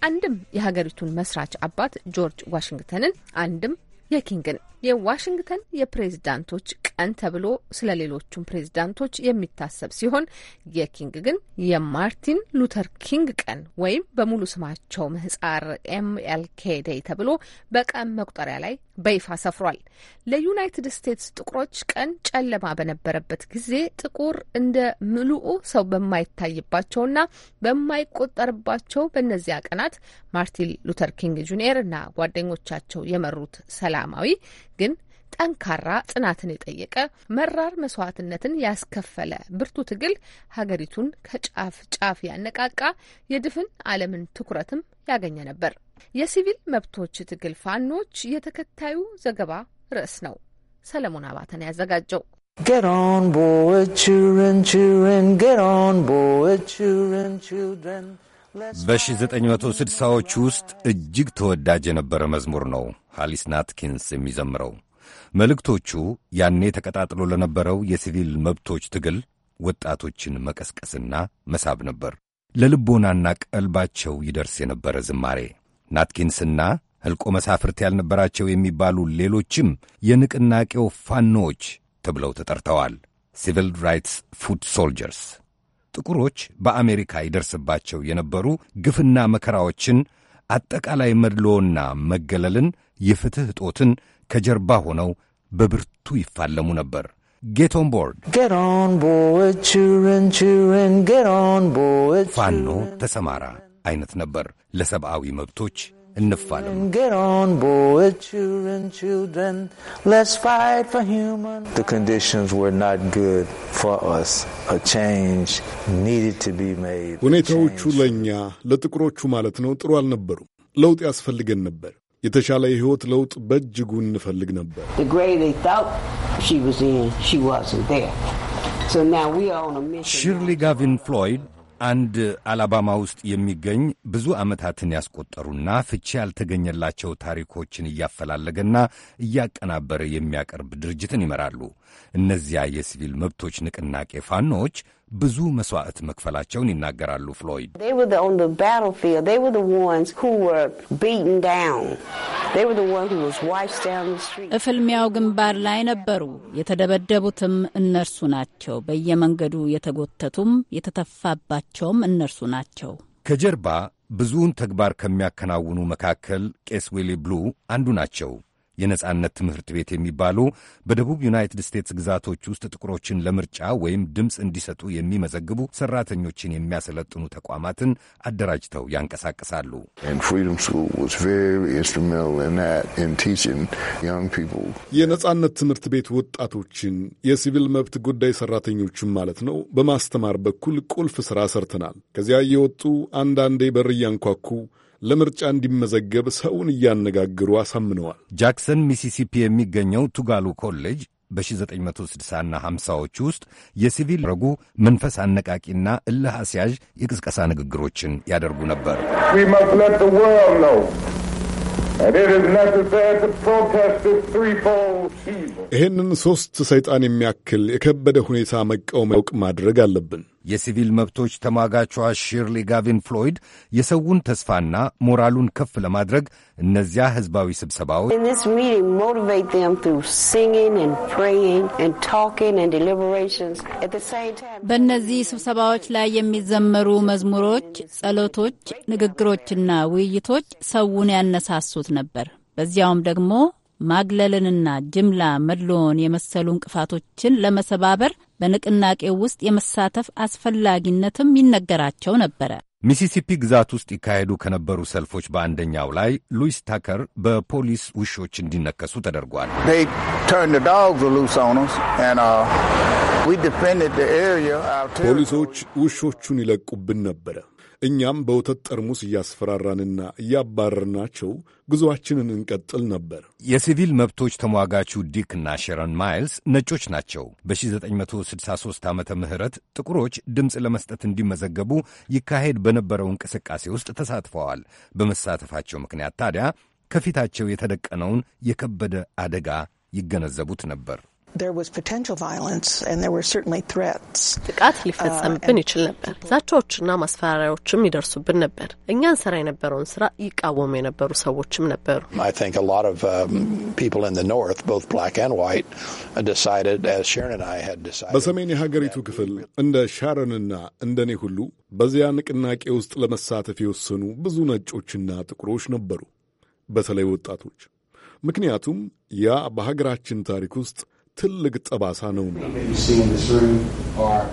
አንድም የሀገሪቱን መስራች አባት ጆርጅ ዋሽንግተንን፣ አንድም የኪንግን የዋሽንግተን የፕሬዝዳንቶች ቀን ተብሎ ስለ ሌሎቹም ፕሬዝዳንቶች የሚታሰብ ሲሆን የኪንግ ግን የማርቲን ሉተር ኪንግ ቀን ወይም በሙሉ ስማቸው ምህጻር ኤምኤልኬ ዴይ ተብሎ በቀን መቁጠሪያ ላይ በይፋ ሰፍሯል። ለዩናይትድ ስቴትስ ጥቁሮች ቀን ጨለማ በነበረበት ጊዜ ጥቁር እንደ ምሉኡ ሰው በማይታይባቸውና በማይቆጠርባቸው በእነዚያ ቀናት ማርቲን ሉተር ኪንግ ጁኒየር እና ጓደኞቻቸው የመሩት ሰላማዊ ግን ጠንካራ ጽናትን የጠየቀ መራር መስዋዕትነትን ያስከፈለ ብርቱ ትግል ሀገሪቱን ከጫፍ ጫፍ ያነቃቃ የድፍን ዓለምን ትኩረትም ያገኘ ነበር። የሲቪል መብቶች ትግል ፋኖች የተከታዩ ዘገባ ርዕስ ነው። ሰለሞን አባተን ያዘጋጀው። Get በ1960ዎቹ ውስጥ እጅግ ተወዳጅ የነበረ መዝሙር ነው ሃሊስ ናትኪንስ የሚዘምረው። መልእክቶቹ ያኔ ተቀጣጥሎ ለነበረው የሲቪል መብቶች ትግል ወጣቶችን መቀስቀስና መሳብ ነበር። ለልቦናና ቀልባቸው ይደርስ የነበረ ዝማሬ ናትኪንስና ሕልቆ መሳፍርት ያልነበራቸው የሚባሉ ሌሎችም የንቅናቄው ፋኖዎች ተብለው ተጠርተዋል። ሲቪል ራይትስ ፉድ ሶልጀርስ ጥቁሮች በአሜሪካ ይደርስባቸው የነበሩ ግፍና መከራዎችን፣ አጠቃላይ መድሎና መገለልን፣ የፍትሕ እጦትን ከጀርባ ሆነው በብርቱ ይፋለሙ ነበር። ጌት ኦን ቦርድ ፋኖ ተሰማራ አይነት ነበር ለሰብአዊ መብቶች እንፋለም። ሁኔታዎቹ ለእኛ ለጥቁሮቹ ማለት ነው ጥሩ አልነበሩም። ለውጥ ያስፈልገን ነበር። የተሻለ የሕይወት ለውጥ በእጅጉ እንፈልግ ነበር። ሺርሊ ጋቪን ፍሎይድ አንድ አላባማ ውስጥ የሚገኝ ብዙ ዓመታትን ያስቆጠሩና ፍቺ ያልተገኘላቸው ታሪኮችን እያፈላለገና እያቀናበረ የሚያቀርብ ድርጅትን ይመራሉ። እነዚያ የሲቪል መብቶች ንቅናቄ ፋኖዎች ብዙ መስዋዕት መክፈላቸውን ይናገራሉ ፍሎይድ። እፍልሚያው ግንባር ላይ ነበሩ። የተደበደቡትም እነርሱ ናቸው። በየመንገዱ የተጎተቱም የተተፋባቸውም እነርሱ ናቸው። ከጀርባ ብዙውን ተግባር ከሚያከናውኑ መካከል ቄስ ዊሊ ብሉ አንዱ ናቸው። የነጻነት ትምህርት ቤት የሚባሉ በደቡብ ዩናይትድ ስቴትስ ግዛቶች ውስጥ ጥቁሮችን ለምርጫ ወይም ድምፅ እንዲሰጡ የሚመዘግቡ ሰራተኞችን የሚያሰለጥኑ ተቋማትን አደራጅተው ያንቀሳቅሳሉ። የነጻነት ትምህርት ቤት ወጣቶችን፣ የሲቪል መብት ጉዳይ ሰራተኞችን ማለት ነው፣ በማስተማር በኩል ቁልፍ ስራ ሰርተናል። ከዚያ እየወጡ አንዳንዴ በር እያንኳኩ ለምርጫ እንዲመዘገብ ሰውን እያነጋገሩ አሳምነዋል። ጃክሰን ሚሲሲፒ የሚገኘው ቱጋሉ ኮሌጅ በ1960ና 50ዎች ውስጥ የሲቪል ረጉ መንፈስ አነቃቂና እልህ አስያዥ የቅስቀሳ ንግግሮችን ያደርጉ ነበር። ይህንን ሦስት ሰይጣን የሚያክል የከበደ ሁኔታ መቃወም ያውቅ ማድረግ አለብን። የሲቪል መብቶች ተሟጋቿ ሺርሊ ጋቪን ፍሎይድ የሰውን ተስፋና ሞራሉን ከፍ ለማድረግ እነዚያ ህዝባዊ ስብሰባዎች በእነዚህ ስብሰባዎች ላይ የሚዘመሩ መዝሙሮች፣ ጸሎቶች፣ ንግግሮችና ውይይቶች ሰውን ያነሳሱት ነበር። በዚያውም ደግሞ ማግለልንና ጅምላ መድሎን የመሰሉ እንቅፋቶችን ለመሰባበር በንቅናቄው ውስጥ የመሳተፍ አስፈላጊነትም ይነገራቸው ነበረ። ሚሲሲፒ ግዛት ውስጥ ይካሄዱ ከነበሩ ሰልፎች በአንደኛው ላይ ሉዊስ ታከር በፖሊስ ውሾች እንዲነከሱ ተደርጓል። uh, ፖሊሶች ውሾቹን ይለቁብን ነበረ። እኛም በወተት ጠርሙስ እያስፈራራንና እያባረርናቸው ጉዞአችንን እንቀጥል ነበር። የሲቪል መብቶች ተሟጋቹ ዲክ እና ሸረን ማይልስ ነጮች ናቸው። በ1963 ዓመተ ምህረት ጥቁሮች ድምፅ ለመስጠት እንዲመዘገቡ ይካሄድ በነበረው እንቅስቃሴ ውስጥ ተሳትፈዋል። በመሳተፋቸው ምክንያት ታዲያ ከፊታቸው የተደቀነውን የከበደ አደጋ ይገነዘቡት ነበር። ጥቃት ሊፈጸምብን uh, ይችል ነበር። ዛቻዎችና ማስፈራሪያዎችም ይደርሱብን ነበር። እኛን ስራ የነበረውን ስራ ይቃወሙ የነበሩ ሰዎችም ነበሩ። um, በሰሜን የሀገሪቱ ክፍል እንደ ሻረንና እንደኔ ሁሉ በዚያ ንቅናቄ ውስጥ ለመሳተፍ የወሰኑ ብዙ ነጮችና ጥቁሮች ነበሩ፣ በተለይ ወጣቶች። ምክንያቱም ያ በሀገራችን ታሪክ ውስጥ ትልቅ ጠባሳ ነውና።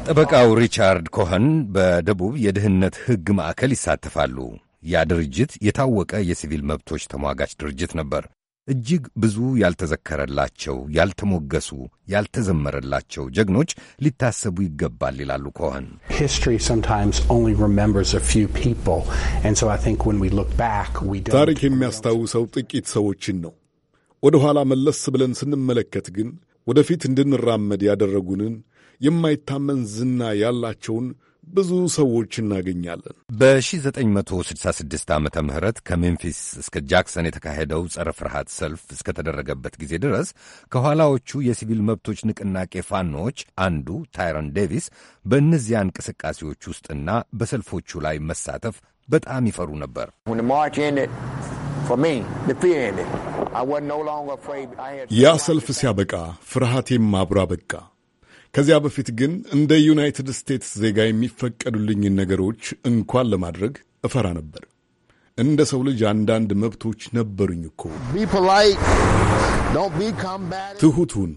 ጠበቃው ሪቻርድ ኮኸን በደቡብ የድህነት ሕግ ማዕከል ይሳተፋሉ። ያ ድርጅት የታወቀ የሲቪል መብቶች ተሟጋች ድርጅት ነበር። እጅግ ብዙ ያልተዘከረላቸው፣ ያልተሞገሱ፣ ያልተዘመረላቸው ጀግኖች ሊታሰቡ ይገባል ይላሉ ኮኸን። ታሪክ የሚያስታውሰው ጥቂት ሰዎችን ነው። ወደ ኋላ መለስ ብለን ስንመለከት ግን ወደፊት እንድንራመድ ያደረጉንን የማይታመን ዝና ያላቸውን ብዙ ሰዎች እናገኛለን። በ1966 ዓመተ ምህረት ከሜምፊስ እስከ ጃክሰን የተካሄደው ጸረ ፍርሃት ሰልፍ እስከተደረገበት ጊዜ ድረስ ከኋላዎቹ የሲቪል መብቶች ንቅናቄ ፋኖዎች አንዱ ታይረን ዴቪስ በእነዚያ እንቅስቃሴዎች ውስጥና በሰልፎቹ ላይ መሳተፍ በጣም ይፈሩ ነበር። ያ ሰልፍ ሲያበቃ ፍርሃቴም አብሮ አበቃ። ከዚያ በፊት ግን እንደ ዩናይትድ ስቴትስ ዜጋ የሚፈቀዱልኝን ነገሮች እንኳን ለማድረግ እፈራ ነበር። እንደ ሰው ልጅ አንዳንድ መብቶች ነበሩኝ እኮ። ትሑቱን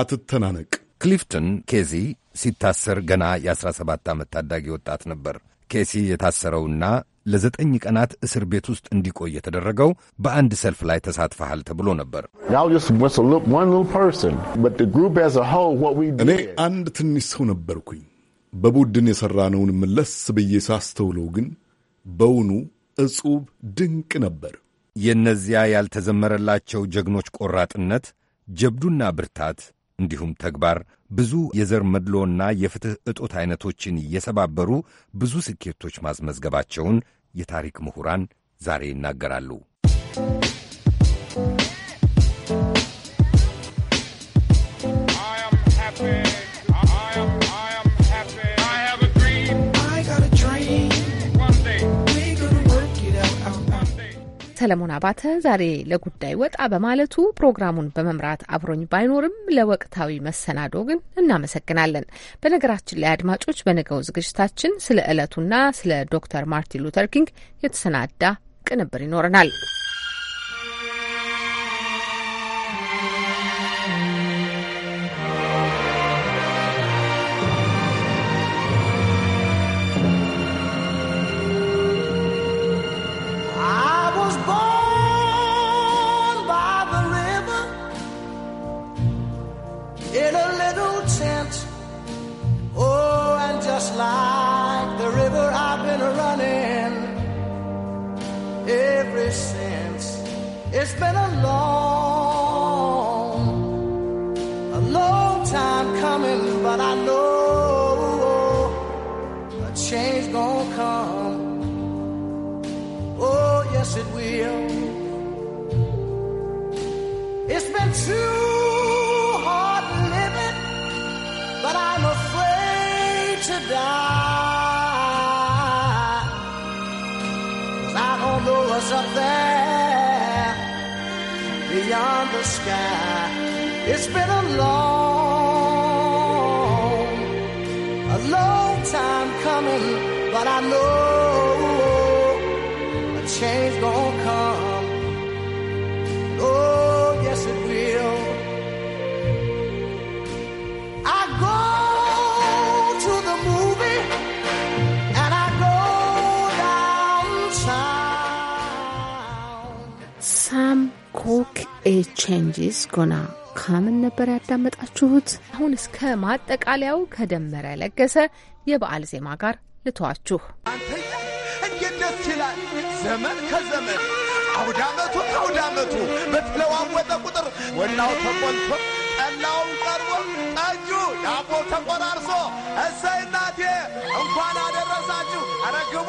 አትተናነቅ። ክሊፍተን ኬዚ ሲታሰር ገና የ17 ዓመት ታዳጊ ወጣት ነበር። ኬሲ የታሰረውና ለዘጠኝ ቀናት እስር ቤት ውስጥ እንዲቆይ የተደረገው በአንድ ሰልፍ ላይ ተሳትፈሃል ተብሎ ነበር። እኔ አንድ ትንሽ ሰው ነበርኩኝ። በቡድን የሠራነውን መለስ ብዬ ሳስተውለው ግን በውኑ እጹብ ድንቅ ነበር። የእነዚያ ያልተዘመረላቸው ጀግኖች ቆራጥነት፣ ጀብዱና ብርታት እንዲሁም ተግባር ብዙ የዘር መድሎና የፍትሕ እጦት ዐይነቶችን እየሰባበሩ ብዙ ስኬቶች ማስመዝገባቸውን የታሪክ ምሁራን ዛሬ ይናገራሉ። ሰለሞን አባተ ዛሬ ለጉዳይ ወጣ በማለቱ ፕሮግራሙን በመምራት አብሮኝ ባይኖርም ለወቅታዊ መሰናዶ ግን እናመሰግናለን። በነገራችን ላይ አድማጮች፣ በነገው ዝግጅታችን ስለ ዕለቱና ስለ ዶክተር ማርቲን ሉተር ኪንግ የተሰናዳ ቅንብር ይኖረናል። since. It's been a long, a long time coming, but I know a change gonna come. Oh, yes, it will. It's been too hard living, but I'm afraid to die. there beyond the sky. It's been a long, a long time coming, but I know a change gonna come. ቼንጅስ ጎና ካምን ነበር ያዳመጣችሁት። አሁን እስከ ማጠቃለያው ከደመረ ለገሰ የበዓል ዜማ ጋር ልተዋችሁ። እንዴት ደስ ይላል! ዘመን ከዘመን አውዳመቱ ከአውዳመቱ በተለዋወጠ ቁጥር ወላው ተቆልቶ ጠላውም ቀርቦ ጠጁ ዳቦ ተቆራርሶ እሰይ እናቴ እንኳን አደረሳችሁ አረግቡ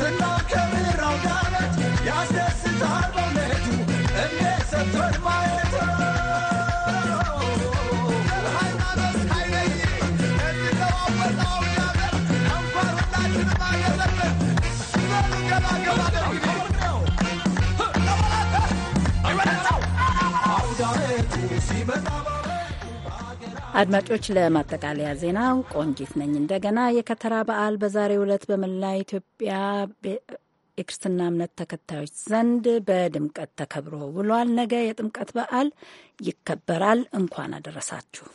ስናከብረው ዳነት ያስደስታል በእውነቱ እንዴት አድማጮች ለማጠቃለያ ዜናው ቆንጂት ነኝ። እንደገና የከተራ በዓል በዛሬው ዕለት በመላ ኢትዮጵያ የክርስትና እምነት ተከታዮች ዘንድ በድምቀት ተከብሮ ውሏል። ነገ የጥምቀት በዓል ይከበራል። እንኳን አደረሳችሁ።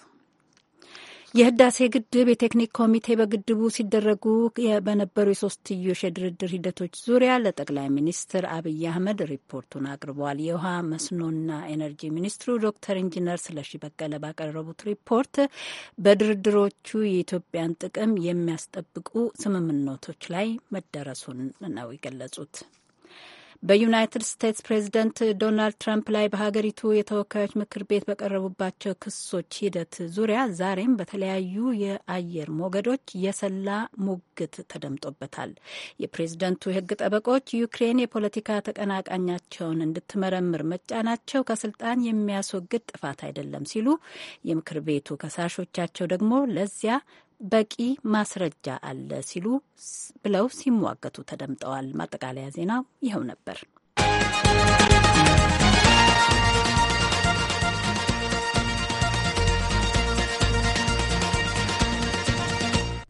የህዳሴ ግድብ የቴክኒክ ኮሚቴ በግድቡ ሲደረጉ በነበሩ የሶስትዮሽ የድርድር ሂደቶች ዙሪያ ለጠቅላይ ሚኒስትር አብይ አህመድ ሪፖርቱን አቅርቧል። የውሃ መስኖና ኤነርጂ ሚኒስትሩ ዶክተር ኢንጂነር ስለሺ በቀለ ባቀረቡት ሪፖርት በድርድሮቹ የኢትዮጵያን ጥቅም የሚያስጠብቁ ስምምነቶች ላይ መደረሱን ነው የገለጹት። በዩናይትድ ስቴትስ ፕሬዝደንት ዶናልድ ትራምፕ ላይ በሀገሪቱ የተወካዮች ምክር ቤት በቀረቡባቸው ክሶች ሂደት ዙሪያ ዛሬም በተለያዩ የአየር ሞገዶች የሰላ ሙግት ተደምጦበታል። የፕሬዝደንቱ የሕግ ጠበቆች ዩክሬን የፖለቲካ ተቀናቃኛቸውን እንድትመረምር መጫናቸው ከስልጣን የሚያስወግድ ጥፋት አይደለም ሲሉ፣ የምክር ቤቱ ከሳሾቻቸው ደግሞ ለዚያ በቂ ማስረጃ አለ ሲሉ ብለው ሲሟገቱ ተደምጠዋል። ማጠቃለያ ዜናው ይኸው ነበር።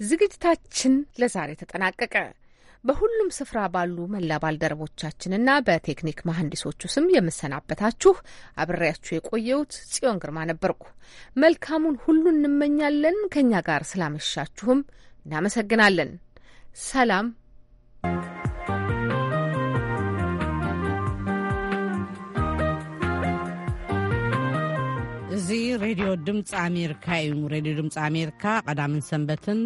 ዝግጅታችን ለዛሬ ተጠናቀቀ። በሁሉም ስፍራ ባሉ መላ ባልደረቦቻችንና በቴክኒክ መሐንዲሶቹ ስም የምሰናበታችሁ አብሬያችሁ የቆየሁት ጽዮን ግርማ ነበርኩ። መልካሙን ሁሉ እንመኛለን። ከእኛ ጋር ስላመሻችሁም እናመሰግናለን። ሰላም እዚ ሬድዮ ድምፂ ኣሜሪካ እዩ ሬድዮ ድምፂ ኣሜሪካ ቀዳምን ሰንበትን